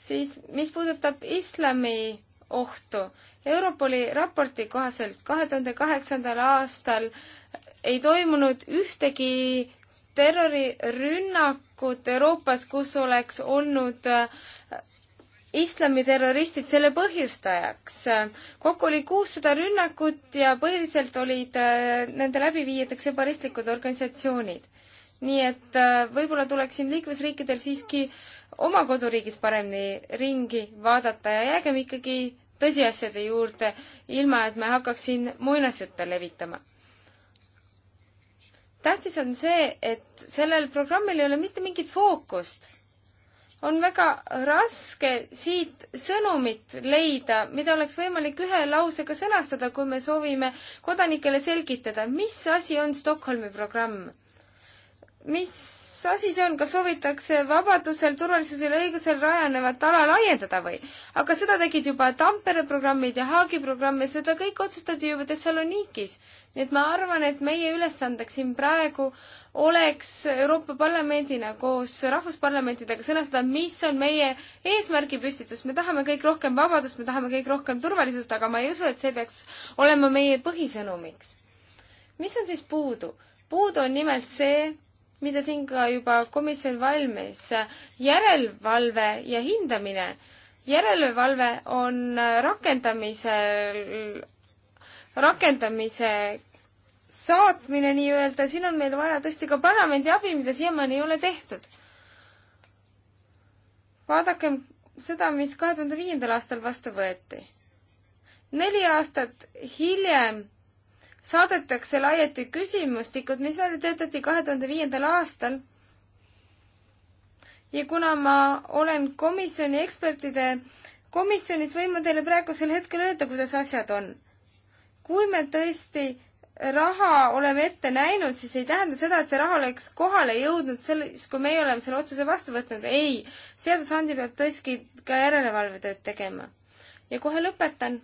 siis mis puudutab islami ohtu, Europoli raporti kohaselt kahe tuhande kaheksandal aastal ei toimunud ühtegi terrorirünnakut Euroopas, kus oleks olnud äh, islamiterroristid selle põhjustajaks. kokku oli kuussada rünnakut ja põhiliselt olid äh, nende läbiviijateks ebaristlikud organisatsioonid. nii et äh, võib-olla tuleks siin liikmesriikidel siiski oma koduriigis paremini ringi vaadata ja jäägem ikkagi tõsiasjade juurde, ilma et me hakkaks siin muinasjutte levitama. tähtis on see, et sellel programmil ei ole mitte mingit fookust. on väga raske siit sõnumit leida, mida oleks võimalik ühe lausega sõnastada, kui me soovime kodanikele selgitada, mis asi on Stockholmi programm mis asi see on, kas soovitakse vabadusel, turvalisusel ja õigusel rajanevat ala laiendada või? aga seda tegid juba Tampere programmid ja Haagi programm ja seda kõik otsustati juba Thessalonikis. nii et ma arvan, et meie ülesandeks siin praegu oleks Euroopa Parlamendina koos rahvusparlamentidega sõnastada, mis on meie eesmärgipüstitus. me tahame kõik rohkem vabadust, me tahame kõik rohkem turvalisust, aga ma ei usu, et see peaks olema meie põhisõnumiks. mis on siis puudu? puudu on nimelt see, mida siin ka juba komisjon valmis, järelevalve ja hindamine. järelevalve on rakendamisel, rakendamise saatmine nii-öelda, siin on meil vaja tõesti ka parlamendi abi, mida siiamaani ei ole tehtud. vaadakem seda, mis kahe tuhande viiendal aastal vastu võeti. neli aastat hiljem saadetakse laiati küsimustikud, mis välja töötati kahe tuhande viiendal aastal. ja kuna ma olen komisjoni ekspertide komisjonis, võin ma teile praegusel hetkel öelda, kuidas asjad on. kui me tõesti raha oleme ette näinud, siis ei tähenda seda, et see raha oleks kohale jõudnud selles, kui meie oleme selle otsuse vastu võtnud. ei, seadusandja peab tõesti ka järelevalvetööd tegema. ja kohe lõpetan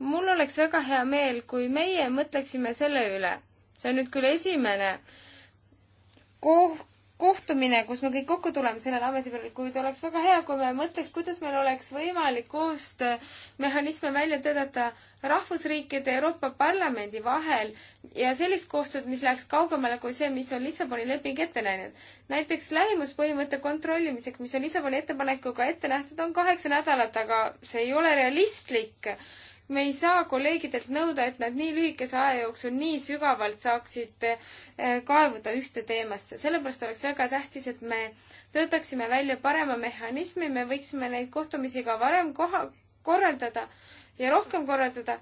mul oleks väga hea meel, kui meie mõtleksime selle üle, see on nüüd küll esimene ko kohtumine, kus me kõik kokku tuleme sellel ametipäeval, kuid oleks väga hea, kui me mõtleks, kuidas meil oleks võimalik koostöömehhanisme välja töötada rahvusriikide Euroopa Parlamendi vahel ja sellist koostööd, mis läheks kaugemale kui see, mis on Lissaboni leping ette näinud. näiteks lähimuspõhimõtte kontrollimiseks, mis on Lissaboni ettepanekuga ette nähtud, on kaheksa nädalat, aga see ei ole realistlik me ei saa kolleegidelt nõuda, et nad nii lühikese aja jooksul nii sügavalt saaksid eh, kaevuda ühte teemasse. sellepärast oleks väga tähtis, et me töötaksime välja parema mehhanismi, me võiksime neid kohtumisi ka varem koha, korraldada ja rohkem korraldada.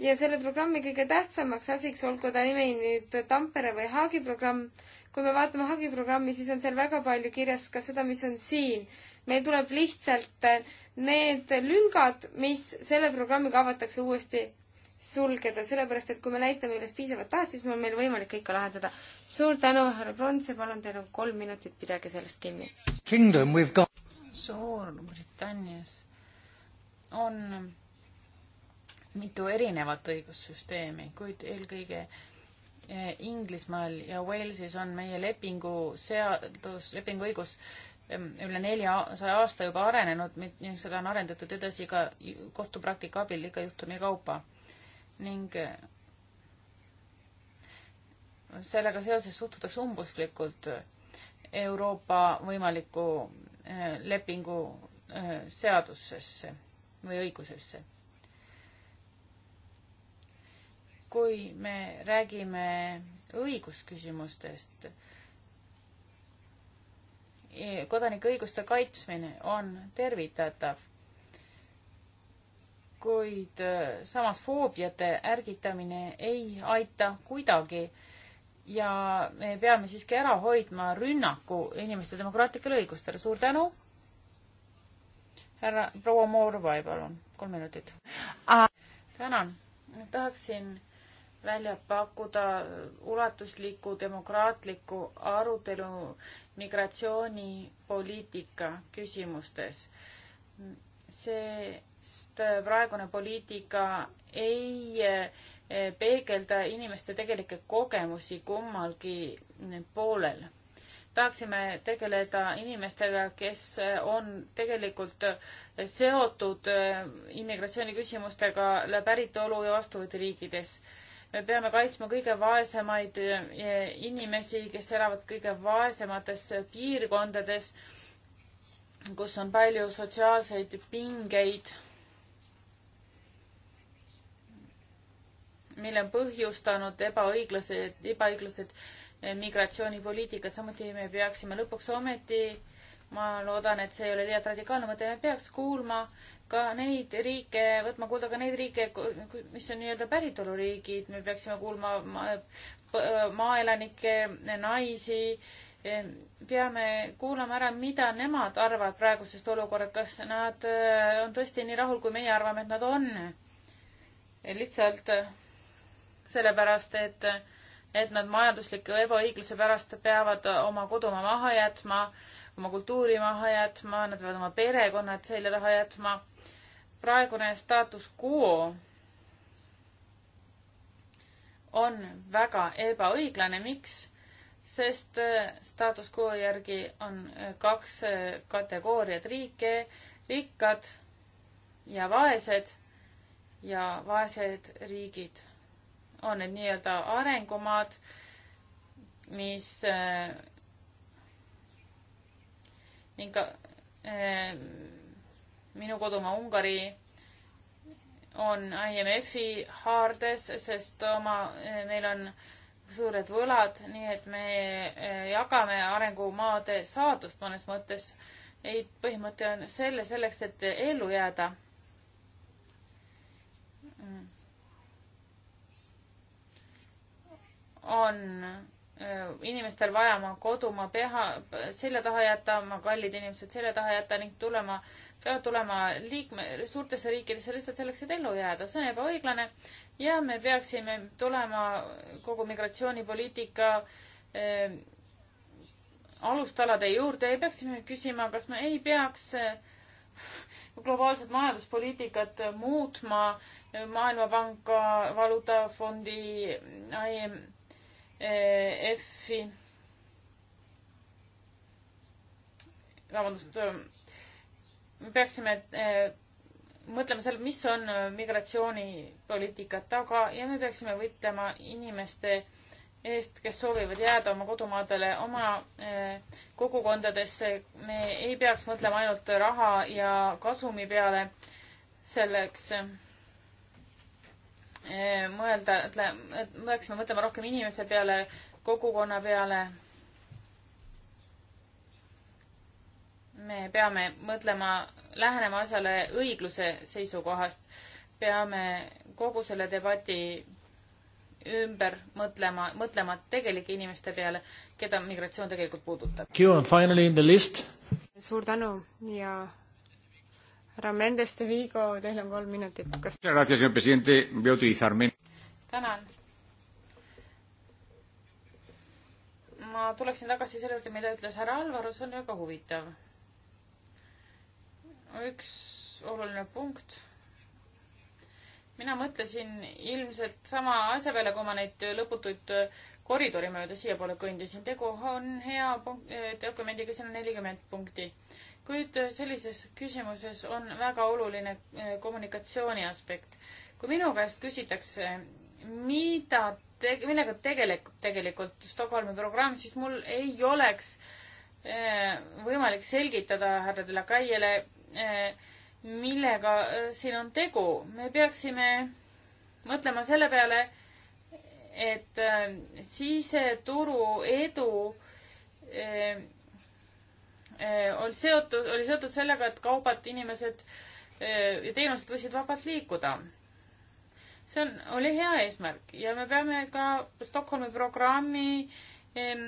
ja selle programmi kõige tähtsamaks asiks, olgu ta nimi nüüd Tampere või Haagi programm, kui me vaatame Haagi programmi, siis on seal väga palju kirjas ka seda, mis on siin meil tuleb lihtsalt eh, need lüngad, mis selle programmiga avatakse, uuesti sulgeda, sellepärast et kui me näitame üles piisavat tahet, siis on meil võimalik kõike lahendada. suur tänu, härra Prons ja palun, teil on kolm minutit, pidage sellest kinni. Kingdom we've got. Suurbritannias on mitu erinevat õigussüsteemi, kuid eelkõige eh, Inglismaal ja Walesis on meie lepingu seadus, lepinguõigus üle neljasaja aasta juba arenenud, seda on arendatud edasi ka kohtupraktika abil iga juhtumi kaupa. ning eh, sellega seoses suhtutakse umbusklikult eh, Euroopa võimaliku eh, lepingu seadusesse või õigusesse. kui me räägime õigusküsimustest, kodanike õiguste kaitsmine on tervitatav, kuid äh, samas foobiate ärgitamine ei aita kuidagi ja me peame siiski ära hoidma rünnaku inimeste demokraatlikele õigustele. suur tänu. härra, proua Moorvai, palun, kolm minutit. tänan, tahaksin välja pakkuda ulatusliku demokraatliku arutelu migratsioonipoliitika küsimustes. sest praegune poliitika ei eh, peegelda inimeste tegelikke kogemusi kummalgi poolel. tahaksime tegeleda inimestega, kes on tegelikult seotud eh, immigratsiooniküsimustega päritolu ja vastuvõturiikides me peame kaitsma kõige vaesemaid eh, inimesi, kes elavad kõige vaesemates eh, piirkondades, kus on palju sotsiaalseid pingeid, mille on põhjustanud ebaõiglased, ebaõiglased eh, migratsioonipoliitika, samuti me peaksime lõpuks ometi ma loodan, et see ei ole liialt radikaalne mõte, me peaks kuulma ka neid riike, võtma kuulda ka neid riike, mis on nii-öelda päritoluriigid, me peaksime kuulma maaelanikke, naisi, ehm, peame kuulama ära, mida nemad arvavad praegusest olukorrast, kas nad eh, on tõesti nii rahul, kui meie arvame, et nad on. lihtsalt eh, sellepärast, et, et nad majandusliku ebaõigluse pärast peavad oma kodumaa maha jätma oma kultuuri maha jätma, nad peavad oma perekonnad selja taha jätma praegune status quo on väga ebaõiglane, miks? sest äh, status quo järgi on äh, kaks äh, kategooriat riike, rikkad ja vaesed ja vaesed riigid on need nii-öelda arengumaad, mis ning ka minu kodumaa Ungari on IMF-i haardes, sest oma, meil on suured võlad, nii et me eh, jagame arengumaade saadust mõnes mõttes. ei, põhimõte on selle, selleks, et ellu jääda. Mm. on Äh, inimestel vaja oma kodumaa peha, selja taha jätta, oma kallid inimesed selja taha jätta ning tulema, peavad tulema liikme, suurtesse riikidesse lihtsalt selleks, et ellu jääda. see on ebaõiglane ja me peaksime tulema kogu migratsioonipoliitika äh, alustalade juurde ja peaksime küsima, kas me ei peaks äh, globaalset majanduspoliitikat muutma Maailmapanka, Valuutafondi, IMF Eh, F-i. vabandust, ähm, me peaksime äh, mõtlema selle, mis on äh, migratsioonipoliitika taga ja me peaksime võitlema inimeste eest, kes soovivad jääda oma kodumaadele, oma äh, kogukondadesse. me ei peaks mõtlema ainult raha ja kasumi peale selleks Eh, mõelda, ütleme, et me peaksime mõtlema rohkem inimese peale, kogukonna peale. me peame mõtlema, lähenema asjale õigluse seisukohast, peame kogu selle debati ümber mõtlema, mõtlema tegelike inimeste peale, keda migratsioon tegelikult puudutab. suur tänu ja härra Mendes de Vigo, teil on kolm minutit, kas tänan. ma tuleksin tagasi selle juurde, mida ütles härra Alvaru, see on väga huvitav. üks oluline punkt. mina mõtlesin ilmselt sama asja peale, kui ma neid lõputuid koridori mööda siiapoole kõndisin. tegu on hea punkt, dokumendiga, seal on nelikümmend punkti kuid äh, sellises küsimuses on väga oluline äh, kommunikatsiooni aspekt. kui minu käest küsitakse, mida te,, millega tegelikult, tegelikult Stockholmi programm, siis mul ei oleks äh, võimalik selgitada härra De La Caiele, millega siin on tegu. me peaksime mõtlema selle peale, et siseturu edu Eh, oli seotud, oli seotud sellega, et kaubad, inimesed eh, ja teenused võisid vabalt liikuda. see on, oli hea eesmärk ja me peame ka Stockholmi programmi eh,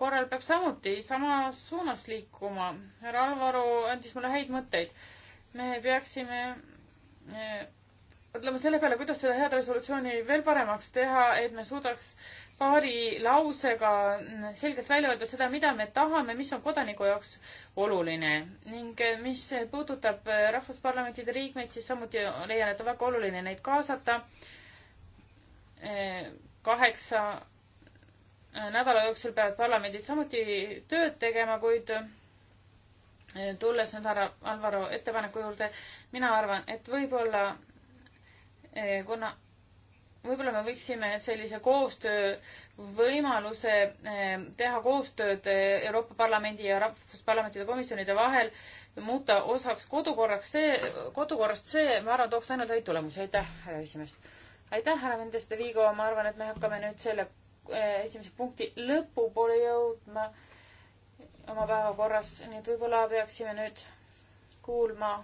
korral peab samuti samas suunas liikuma. härra Alvaru andis mulle häid mõtteid. me peaksime mõtlema selle peale, kuidas seda head resolutsiooni veel paremaks teha, et me suudaks äh, paari lausega selgelt välja öelda seda, mida me tahame, mis on kodaniku jaoks oluline ning eh, mis puudutab eh, rahvusparlamentide liikmeid, siis samuti leian, et on väga oluline neid kaasata. Eh, kaheksa nädala jooksul peavad parlamendid samuti tööd tegema, kuid tulles nüüd härra Alvaro ettepaneku juurde, mina arvan, et võib-olla kuna võib-olla me võiksime sellise koostöö võimaluse eh, teha koostööd eh, Euroopa Parlamendi ja Rahvusparlamentide komisjonide vahel, muuta osaks kodukorraks see, kodukorrast see, ma arvan, tooks ainult häid tulemusi. aitäh, härra esimees. aitäh, härra Mendes de Vigo, ma arvan, et me hakkame nüüd selle eh, esimese punkti lõpupoole jõudma oma päevakorras, nii et võib-olla peaksime nüüd kuulma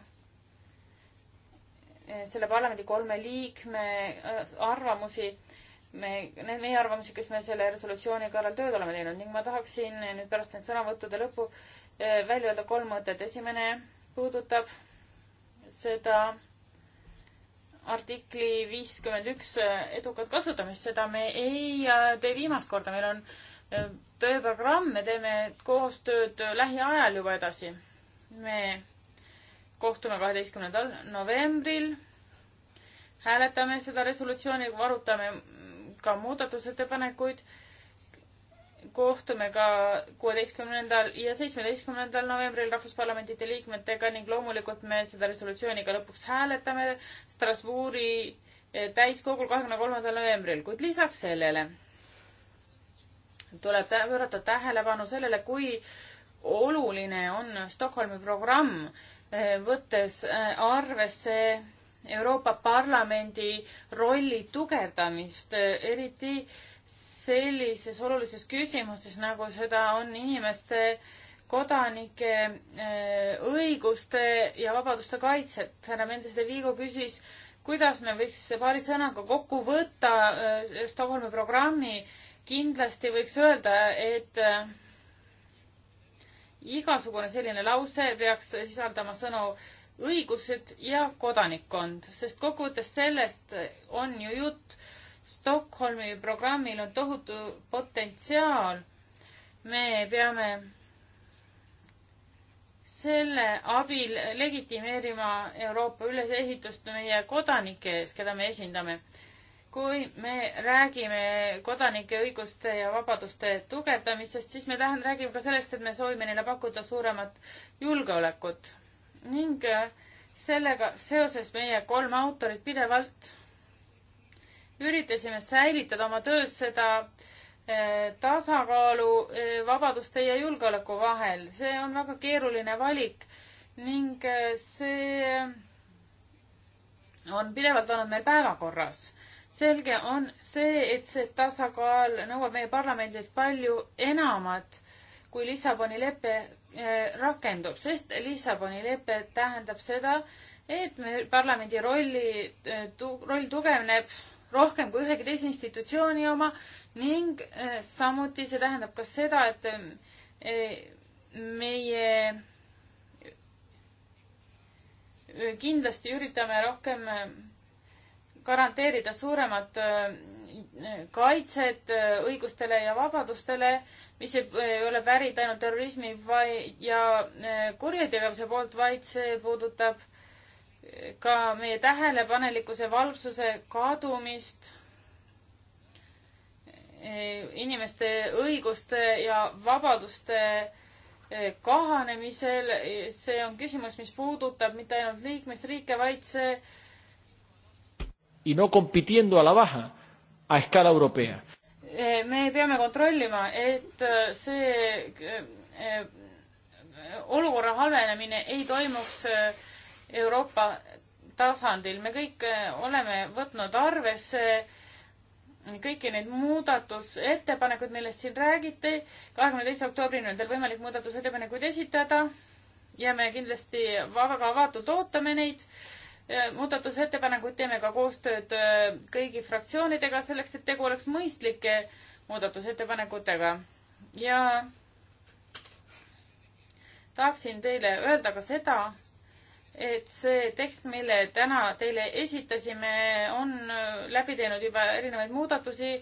Eh, selle parlamendi kolme liikme äh, arvamusi, me, meie arvamusi, kes me selle resolutsiooni kallal tööd oleme teinud ning ma tahaksin nüüd pärast nende sõnavõttude lõppu äh, välja öelda kolm mõtet. esimene puudutab seda artikli viiskümmend üks äh, edukat kasutamist, seda me ei tee viimast korda, meil on tööprogramm, me teeme koostööd lähiajal juba edasi. me kohtume kaheteistkümnendal novembril, hääletame seda resolutsiooni, arutame ka muudatusettepanekuid, kohtume ka kuueteistkümnendal ja seitsmeteistkümnendal novembril Rahvusparlamentide liikmetega ning loomulikult me seda resolutsiooni ka lõpuks hääletame Strasbourgi eh, täiskogul kahekümne kolmandal novembril, kuid lisaks sellele tuleb pöörata tähelepanu sellele, kui oluline on Stockholmi programm võttes äh, arvesse Euroopa Parlamendi rolli tugevdamist, äh, eriti sellises olulises küsimuses, nagu seda on inimeste, kodanike äh, õiguste ja vabaduste kaitset. härra Mendes de Vigo küsis, kuidas me võiks paari sõnaga kokku võtta Stockholmi programmi. kindlasti võiks öelda, et igasugune selline lause peaks sisaldama sõnu õigused ja kodanikkond, sest kokkuvõttes sellest on ju jutt. Stockholmi programmil on tohutu potentsiaal. me peame selle abil legitimeerima Euroopa ülesehitust meie kodanike ees, keda me esindame kui me räägime kodanike õiguste ja vabaduste tugevdamisest, siis me tähendab, räägime ka sellest, et me soovime neile pakkuda suuremat julgeolekut ning äh, sellega seoses meie kolm autorit pidevalt üritasime säilitada oma töös seda äh, tasakaalu äh, vabaduste ja julgeoleku vahel. see on väga keeruline valik ning see on pidevalt olnud meil päevakorras selge on see, et see tasakaal nõuab meie parlamendilt palju enamat, kui Lissaboni lepe eh, rakendub, sest Lissaboni lepe tähendab seda, et me parlamendi rolli, eh, roll tugevneb rohkem kui ühegi teise institutsiooni oma ning eh, samuti see tähendab ka seda, et meie kindlasti üritame rohkem garanteerida suuremat äh, kaitset äh, õigustele ja vabadustele, mis ei ole pärit ainult terrorismi vai- ja äh, kurjategevuse poolt, vaid see puudutab ka meie tähelepanelikkuse, valvsuse kadumist, inimeste õiguste ja vabaduste kahanemisel, see on küsimus, mis puudutab mitte ainult liikmesriike, vaid see y no compitiendo a la baja a escala europea. Eh, me peame kontrollima, et eh, see eh, olukorra halvenemine ei toimuks Euroopa tasandil. me kõik oleme võtnud arvesse kõiki neid muudatusettepanekuid, millest siin räägiti. kahekümne teise oktoobrini on teil võimalik muudatusettepanekuid esitada ja me kindlasti väga avatud ootame neid muudatusettepanekuid teeme ka koostööd äh, kõigi fraktsioonidega selleks, et tegu oleks mõistlike muudatusettepanekutega ja tahaksin teile öelda ka seda, et see tekst, mille täna teile esitasime, on äh, läbi teinud juba erinevaid muudatusi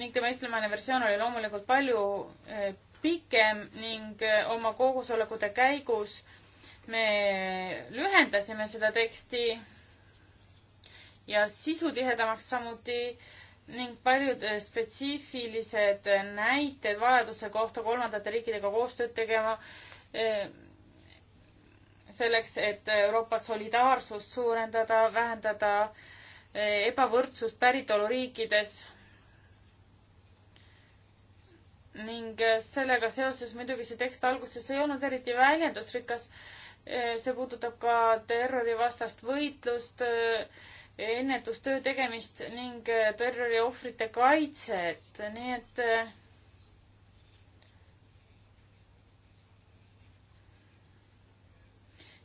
ning tema eestlamane versioon oli loomulikult palju äh, pikem ning oma koosolekute käigus äh, me lühendasime seda teksti ja sisu tihedamaks samuti ning paljud eh, spetsiifilised näited vajaduse kohta kolmandate riikidega koostööd tegema eh, selleks, et Euroopa solidaarsust suurendada, vähendada eh, ebavõrdsust päritoluriikides. ning sellega seoses muidugi see tekst alguses ei olnud eriti väljendusrikas see puudutab ka terrorivastast võitlust, ennetustöö tegemist ning terroriohvrite kaitset, nii et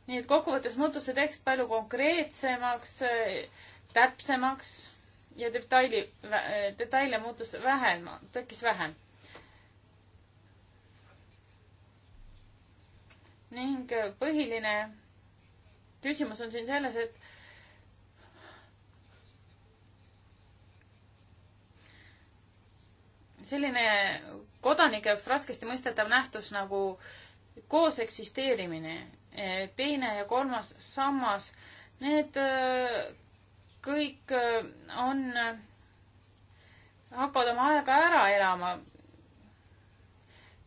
nii et kokkuvõttes muutus see tekst palju konkreetsemaks, täpsemaks ja detaili, detaile muutus vähem, tekkis vähem ning põhiline küsimus on siin selles, et selline kodanike jaoks raskesti mõistetav nähtus nagu koos eksisteerimine, teine ja kolmas sammas, need äh, kõik äh, on, hakkavad oma aega ära elama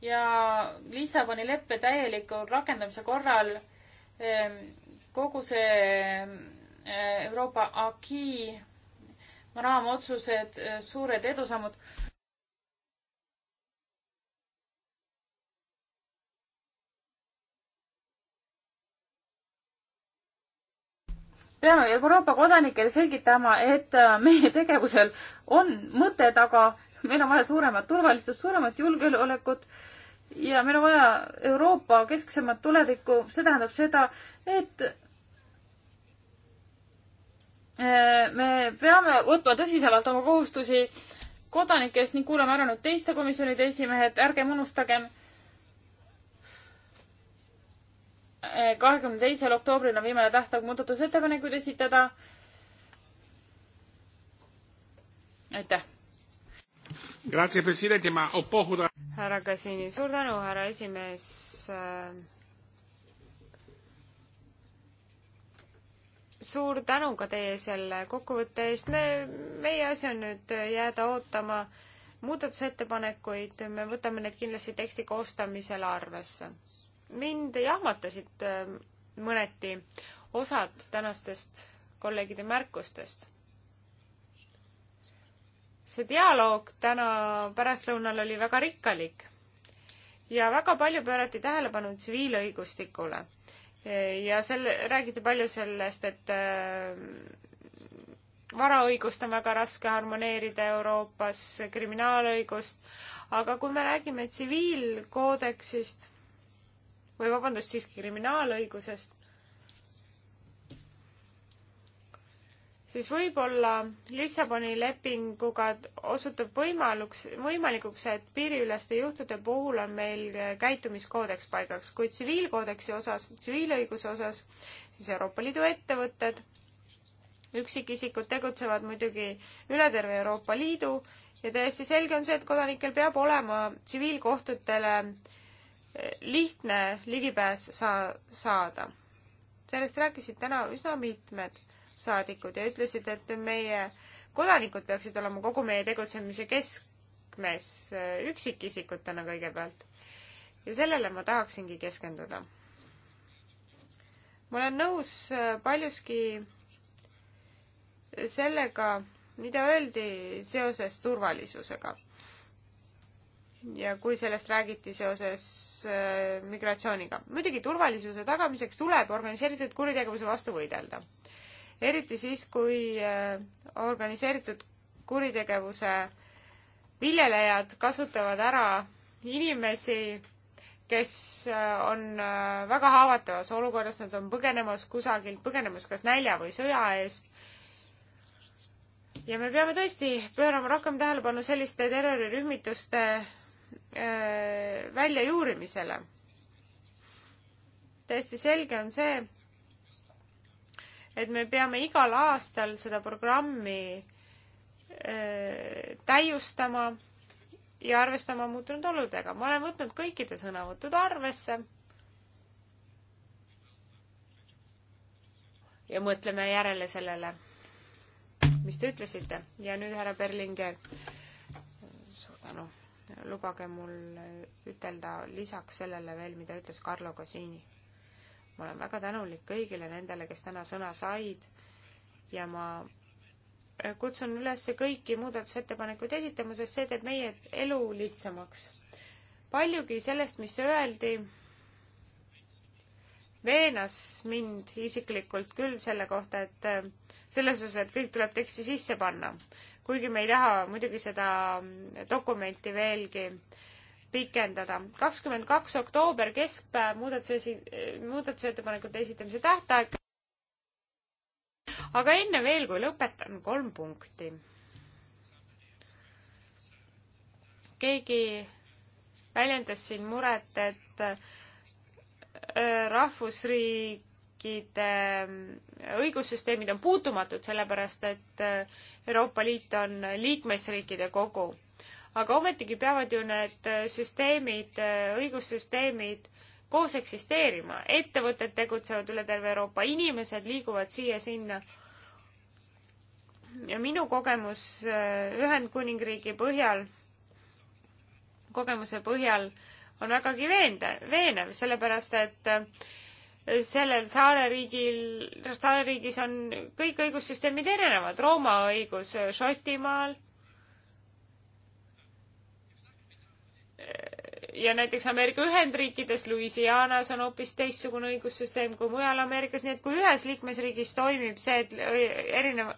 ja Lissaboni leppe täieliku rakendamise korral ehm, kogu see eh, Euroopa aki raamotsused, eh, suured edusammud. peame Euroopa kodanikele selgitama, et eh, meie tegevusel on mõte taga, meil on vaja suuremat turvalisust, suuremat julgeolekut äh, ja meil on vaja Euroopa kesksemat tulevikku, see tähendab seda, et eh, me peame võtma tõsisemalt oma kohustusi kodanike eest ning kuulame ära nüüd teiste komisjonide esimehed, ärgem unustagem. Eh, kahekümne teisel oktoobril on viimane tähtaeg muudatusettepanekuid esitada. aitäh. Grazie Presidente, ma ho poco da härra Kasini, suur tänu, härra esimees. suur tänu ka teie selle kokkuvõtte eest, me, meie asi on nüüd jääda ootama muudatusettepanekuid, me võtame need kindlasti teksti koostamisel arvesse. mind jahmatasid äh, mõneti osad tänastest kolleegide märkustest see dialoog täna pärastlõunal oli väga rikkalik ja väga palju pöörati tähelepanu tsiviilõigustikule. ja selle, räägiti palju sellest, et äh, varaõigust on väga raske harmoneerida Euroopas, kriminaalõigust, aga kui me räägime tsiviilkoodeksist või vabandust, siiski kriminaalõigusest, siis võib-olla Lissaboni lepinguga osutub võimaluks, võimalikuks, et piiriüleste juhtude puhul on meil käitumiskoodeks paigaks, kuid tsiviilkoodeksi osas, tsiviilõiguse osas, siis Euroopa Liidu ettevõtted, üksikisikud tegutsevad muidugi üle terve Euroopa Liidu ja täiesti selge on see, et kodanikel peab olema tsiviilkohtutele eh, lihtne ligipääs saa-, saada. sellest rääkisid täna üsna mitmed saadikud ja ütlesid, et meie kodanikud peaksid olema kogu meie tegutsemise keskmes äh, üksikisikutena kõigepealt. ja sellele ma tahaksingi keskenduda. ma olen nõus äh, paljuski sellega, mida öeldi seoses turvalisusega. ja kui sellest räägiti seoses äh, migratsiooniga. muidugi turvalisuse tagamiseks tuleb organiseeritud kuritegevuse vastu võidelda eriti siis, kui äh, organiseeritud kuritegevuse viljelejad kasutavad ära inimesi, kes äh, on äh, väga haavatavas olukorras, nad on põgenemas kusagilt, põgenemas kas nälja või sõja eest. ja me peame tõesti pöörama rohkem tähelepanu selliste terrorirühmituste väljajuurimisele. täiesti selge on see, et me peame igal aastal seda programmi öö, äh, täiustama ja arvestama muutunud oludega. ma olen võtnud kõikide sõnavõtud arvesse. ja mõtleme järele sellele, mis te ütlesite. ja nüüd härra Berlinger, suur tänu. lubage mul ütelda lisaks sellele veel, mida ütles Carlo Cosini ma olen väga tänulik kõigile nendele, kes täna sõna said ja ma äh, kutsun üles kõiki muudatusettepanekuid esitama, sest see teeb meie elu lihtsamaks. paljugi sellest, mis öeldi, veenas mind isiklikult küll selle kohta, et äh, selles osas, et kõik tuleb teksti sisse panna. kuigi me ei taha muidugi seda mm, dokumenti veelgi äh, pikendada. kakskümmend kaks oktoober, keskpäev, muudatuse esi-, muudatusettepanekute esitamise tähtaeg. aga enne veel, kui lõpetan, kolm punkti. keegi väljendas siin muret, et rahvusriik riikide õigussüsteemid on puutumatud, sellepärast et Euroopa Liit on liikmesriikide kogu aga ometigi peavad ju need äh, süsteemid, äh, õigussüsteemid koos eksisteerima. ettevõtted tegutsevad üle terve Euroopa, inimesed liiguvad siia-sinna. ja minu kogemus äh, Ühendkuningriigi põhjal, kogemuse põhjal on vägagi veendev, veenev, sellepärast et sellel saareriigil, saareriigis on kõik õigussüsteemid erinevad, Rooma õigus Šotimaal ja näiteks Ameerika Ühendriikides, Louisianas on hoopis teistsugune õigussüsteem kui mujal Ameerikas, nii et kui ühes liikmesriigis toimib see, et erinev,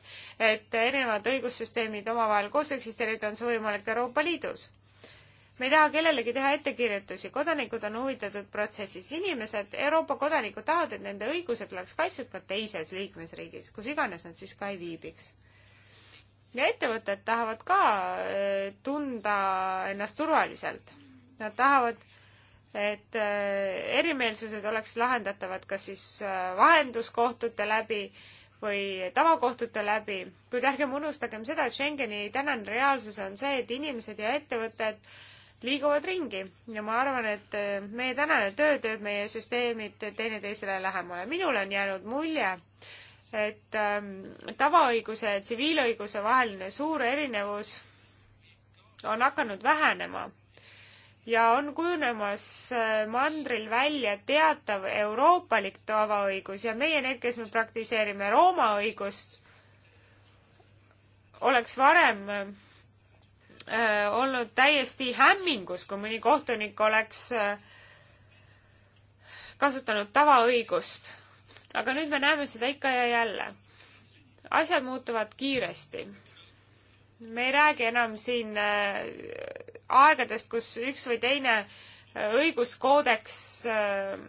et erinevad õigussüsteemid omavahel koos eksisteerivad, on see võimalik Euroopa Liidus. me ei taha kellelegi teha ettekirjutusi, kodanikud on huvitatud protsessis, inimesed, Euroopa kodanikud tahavad, et nende õigused oleks kaitstud ka teises liikmesriigis, kus iganes nad siis ka ei viibiks ja ettevõtted tahavad ka äh, tunda ennast turvaliselt. Nad tahavad, et äh, erimeelsused oleks lahendatavad kas siis äh, vahenduskohtute läbi või tavakohtute läbi, kuid ärgem unustagem seda, et Schengeni tänane reaalsus on see, et inimesed ja ettevõtted liiguvad ringi ja ma arvan, et äh, meie tänane töö teeb meie süsteemid teineteisele lähemale. minule on jäänud mulje, et ähm, tavaõiguse ja tsiviilõiguse vaheline suur erinevus on hakanud vähenema ja on kujunemas äh, mandril välja teatav euroopalik tavaõigus ja meie, need, kes me praktiseerime Rooma õigust, oleks varem öö, äh, olnud täiesti hämmingus, kui mõni kohtunik oleks öö, äh, kasutanud tavaõigust. aga nüüd me näeme seda ikka ja jälle. asjad muutuvad kiiresti me ei räägi enam siin äh, aegadest, kus üks või teine äh, õiguskoodeks äh,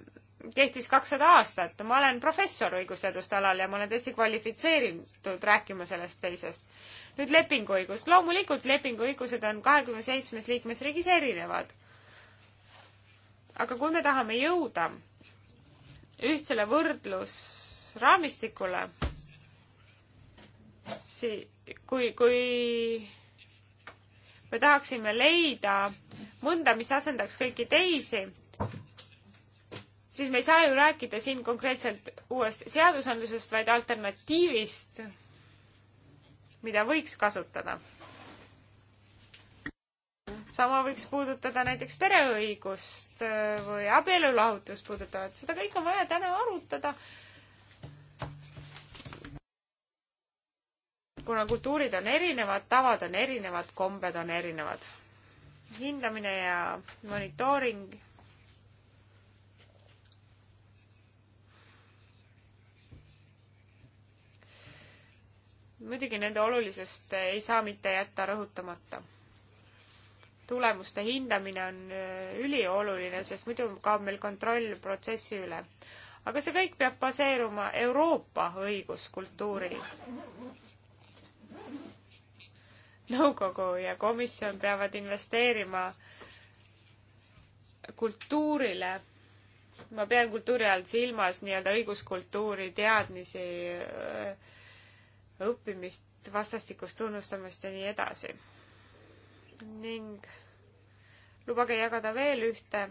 kehtis kakssada aastat. ma olen professor õigusteaduste alal ja ma olen tõesti kvalifitseeritud rääkima sellest teisest. nüüd lepinguõigus. loomulikult lepinguõigused on kahekümne seitsmes liikmesriigis erinevad. aga kui me tahame jõuda ühtsele võrdlusraamistikule, si-, kui, kui me tahaksime leida mõnda, mis asendaks kõiki teisi, siis me ei saa ju rääkida siin konkreetselt uuest seadusandlusest, vaid alternatiivist, mida võiks kasutada. sama võiks puudutada näiteks pereõigust või abielulahutust puudutavat, seda kõike on vaja täna arutada kuna kultuurid on erinevad, tavad on erinevad, kombed on erinevad. hindamine ja monitooring. muidugi nende olulisust ei saa mitte jätta rõhutamata. tulemuste hindamine on äh, ülioluline, sest muidu kaob meil kontroll protsessi üle. aga see kõik peab baseeruma Euroopa õiguskultuuril nõukogu ja komisjon peavad investeerima kultuurile. ma pean kultuuri all silmas nii-öelda õiguskultuuri, teadmisi, õppimist, vastastikust tunnustamist ja nii edasi. ning lubage jagada veel ühte,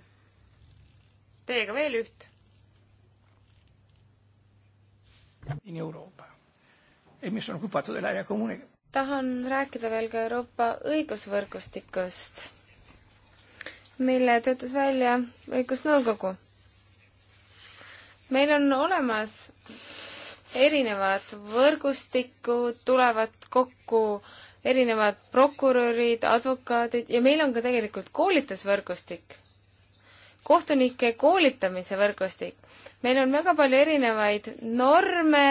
teiega veel üht. in Euroopa e mi sono occupato dell'area comune tahan rääkida veel ka Euroopa õigusvõrgustikust, mille töötas välja õigusnõukogu. meil on olemas erinevad võrgustikud, tulevad kokku erinevad prokurörid, advokaadid ja meil on ka tegelikult koolitusvõrgustik, kohtunike koolitamise võrgustik. meil on väga palju erinevaid norme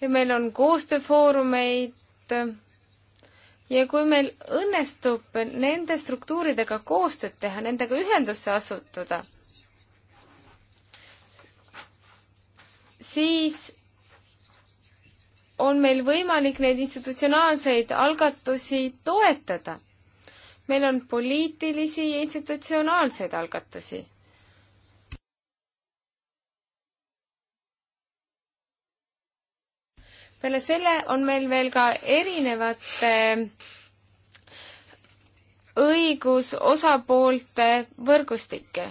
ja meil on koostööfoorumeid ja kui meil õnnestub nende struktuuridega koostööd teha, nendega ühendusse asutuda, siis on meil võimalik neid institutsionaalseid algatusi toetada. meil on poliitilisi ja institutsionaalseid algatusi peale selle on meil veel ka erinevate õigusosapoolte võrgustikke.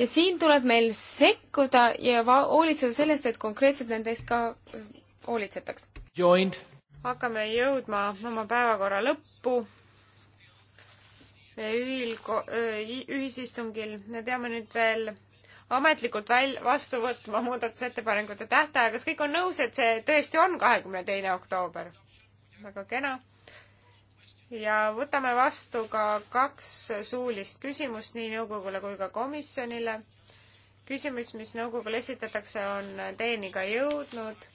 ja siin tuleb meil sekkuda ja hoolitseda sellest, et konkreetselt nende eest ka hoolitsetaks. hakkame jõudma oma päevakorra lõppu ühil, ühisistungil. me peame nüüd veel ametlikult väl-, vastu võtma muudatusettepanekute tähtaja, kas kõik on nõus, et see tõesti on kahekümne teine oktoober? väga kena. ja võtame vastu ka kaks suulist küsimust nii nõukogule kui ka komisjonile. küsimus, mis nõukogule esitatakse, on teieni ka jõudnud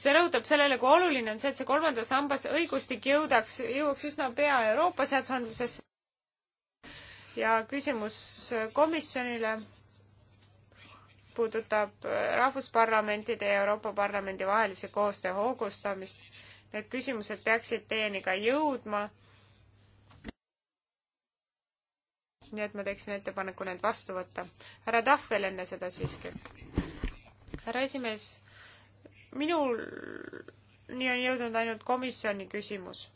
see rõhutab sellele, kui oluline on see, et see kolmanda sambas õigustik jõudaks, jõuaks üsna pea Euroopa seadusandlusesse. ja küsimus komisjonile puudutab rahvusparlamentide ja Euroopa Parlamendi vahelise koostöö hoogustamist. Need küsimused peaksid teieni ka jõudma. nii et ma teeksin ettepaneku need vastu võtta. härra Tahvel enne seda siiski. härra esimees minuni on jõudnud ainult komisjoni küsimus.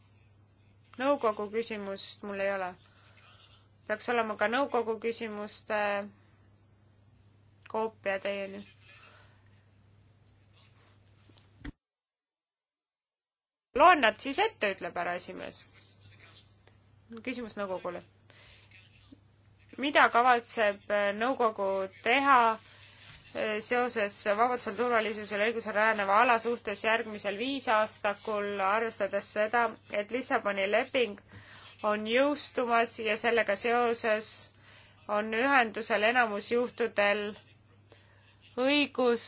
nõukogu küsimust mul ei ole. peaks olema ka nõukogu küsimuste koopia teieni loen nad siis ette, ütleb härra esimees. küsimus nõukogule. mida kavatseb nõukogu teha seoses vabadusel, turvalisusel ja õigusel rajaneva ala suhtes järgmisel viisaastakul, arvestades seda, et Lissaboni leping on jõustumas ja sellega seoses on ühendusel enamus juhtudel õigus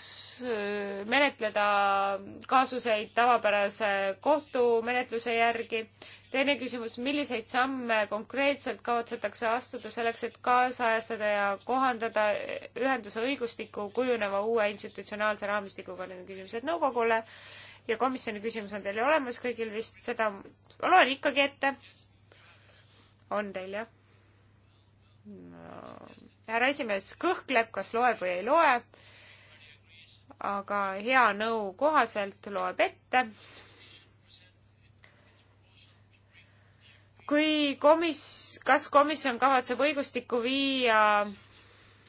menetleda kaasuseid tavapärase kohtumenetluse järgi. teine küsimus, milliseid samme konkreetselt kavatsetakse astuda selleks, et kaasajastada ja kohandada ühenduse õigustikku kujuneva uue institutsionaalse raamistikuga, need on küsimused nõukogule ja komisjoni küsimus on teil ju olemas kõigil vist, seda ma loen ikkagi ette. on teil jah no.? härra esimees kõhkleb, kas loeb või ei loe aga hea nõu kohaselt loeb ette. kui komis-, kas komisjon kavatseb õigustikku viia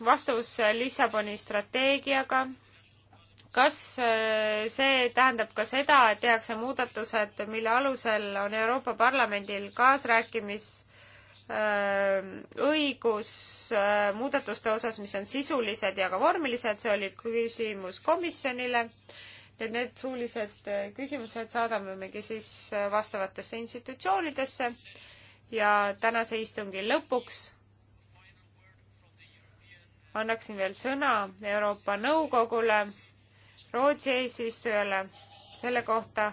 vastavusse Lissaboni strateegiaga, kas äh, see tähendab ka seda, et tehakse muudatused, mille alusel on Euroopa Parlamendil kaasrääkimis Äh, õigus äh, muudatuste osas, mis on sisulised ja ka vormilised, see oli küsimus komisjonile. et need suulised äh, küsimused saadame megi siis vastavatesse institutsioonidesse ja tänase istungi lõpuks annaksin veel sõna Euroopa Nõukogule, Rootsi eesistujale selle kohta,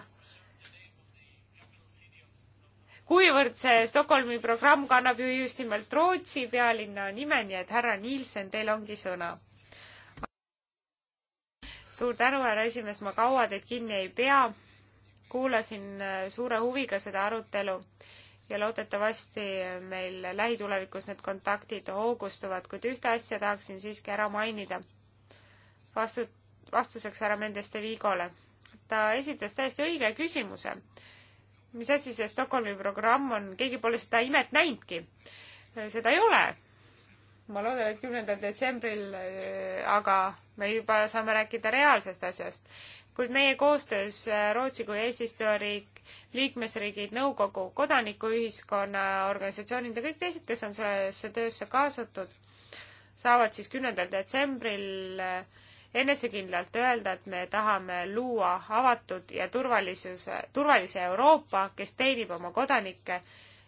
kuivõrd see Stockholmi programm kannab ju just nimelt Rootsi pealinna nime, nii et härra Nielsen, teil ongi sõna. suur tänu, härra esimees, ma kaua teid kinni ei pea. kuulasin äh, suure huviga seda arutelu ja loodetavasti meil lähitulevikus need kontaktid hoogustuvad, kuid ühte asja tahaksin siiski ära mainida. vastu, vastuseks härra Mendeste Vigole. ta esitas täiesti õige küsimuse mis asi see Stockholmi programm on, keegi pole seda imet näinudki. seda ei ole. ma loodan, et kümnendal detsembril, äh, aga me juba saame rääkida reaalsest asjast. kuid meie koostöös äh, Rootsi kui eesistujariik, liikmesriigid, nõukogu, kodanikuühiskonna organisatsioonid ja kõik teised, kes on sellesse töösse kaasatud, saavad siis kümnendal detsembril äh, enesekindlalt öelda, et me tahame luua avatud ja turvalisuse, turvalise Euroopa, kes teenib oma kodanikke.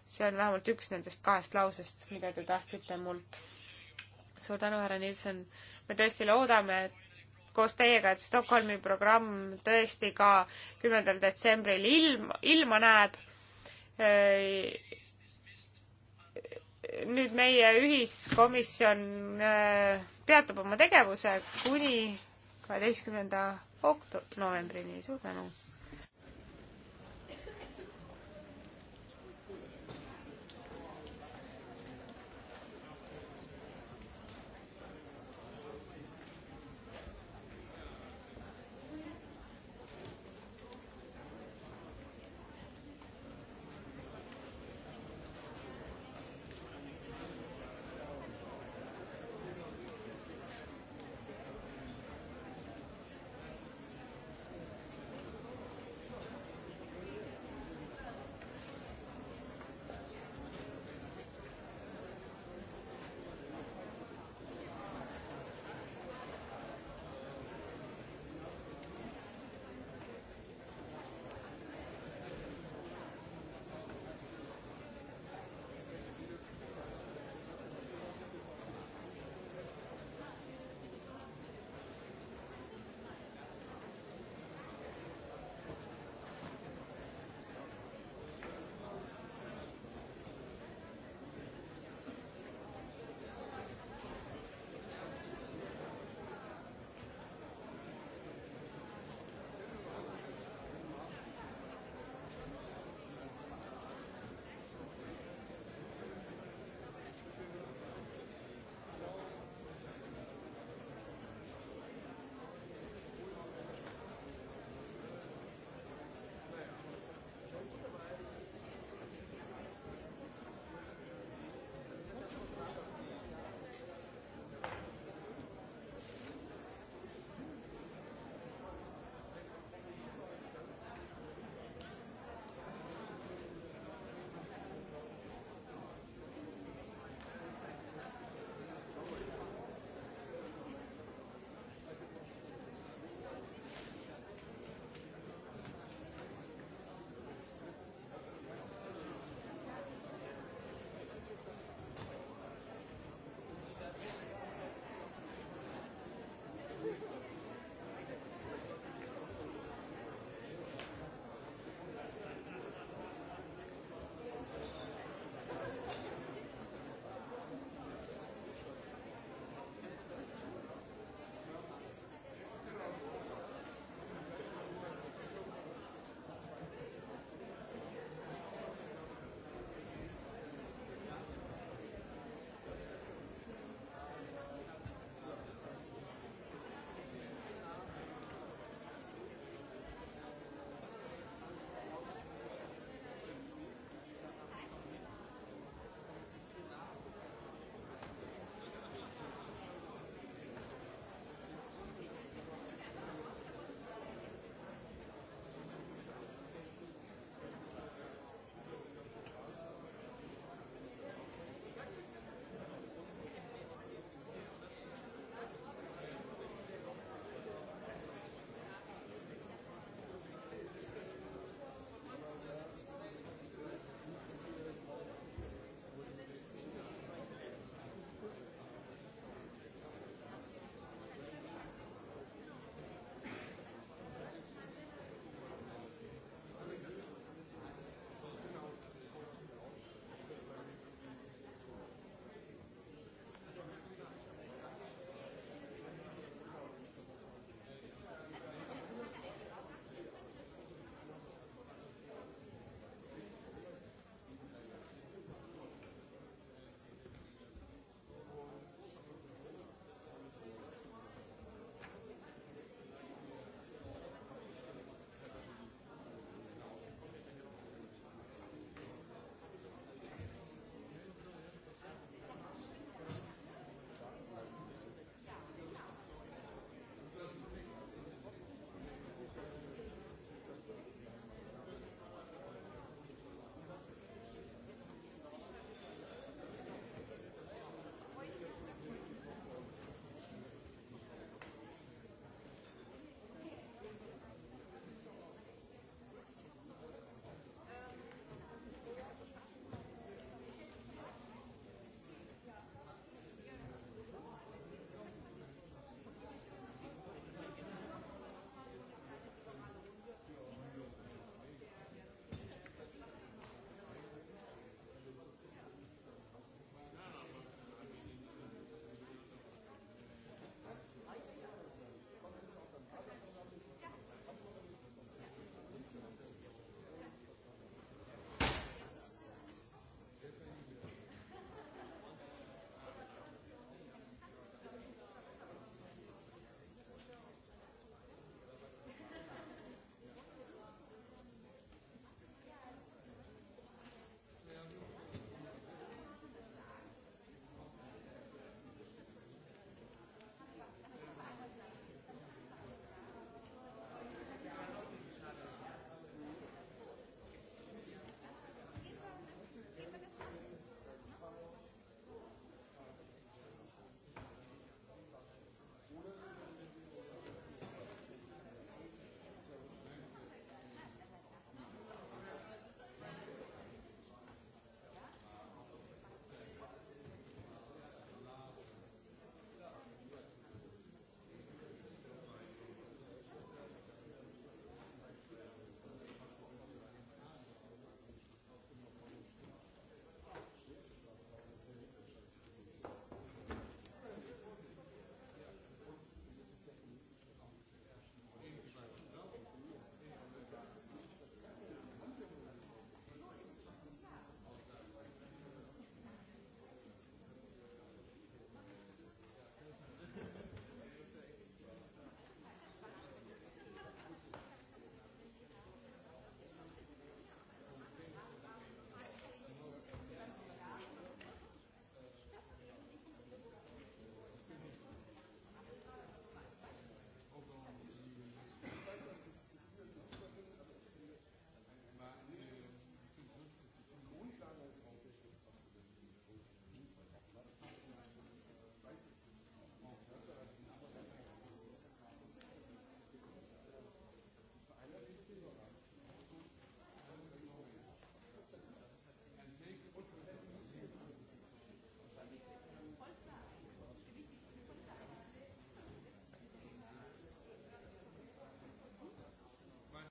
see on vähemalt üks nendest kahest lausest, mida te tahtsite mult. suur tänu, härra Nilsson. me tõesti loodame, et koos teiega, et Stockholmi programm tõesti ka kümnendal detsembril ilm, ilma näeb. nüüd meie ühiskomisjon äh, peatab oma tegevuse kuni kaheteistkümnenda okt-, novembrini, suur tänu!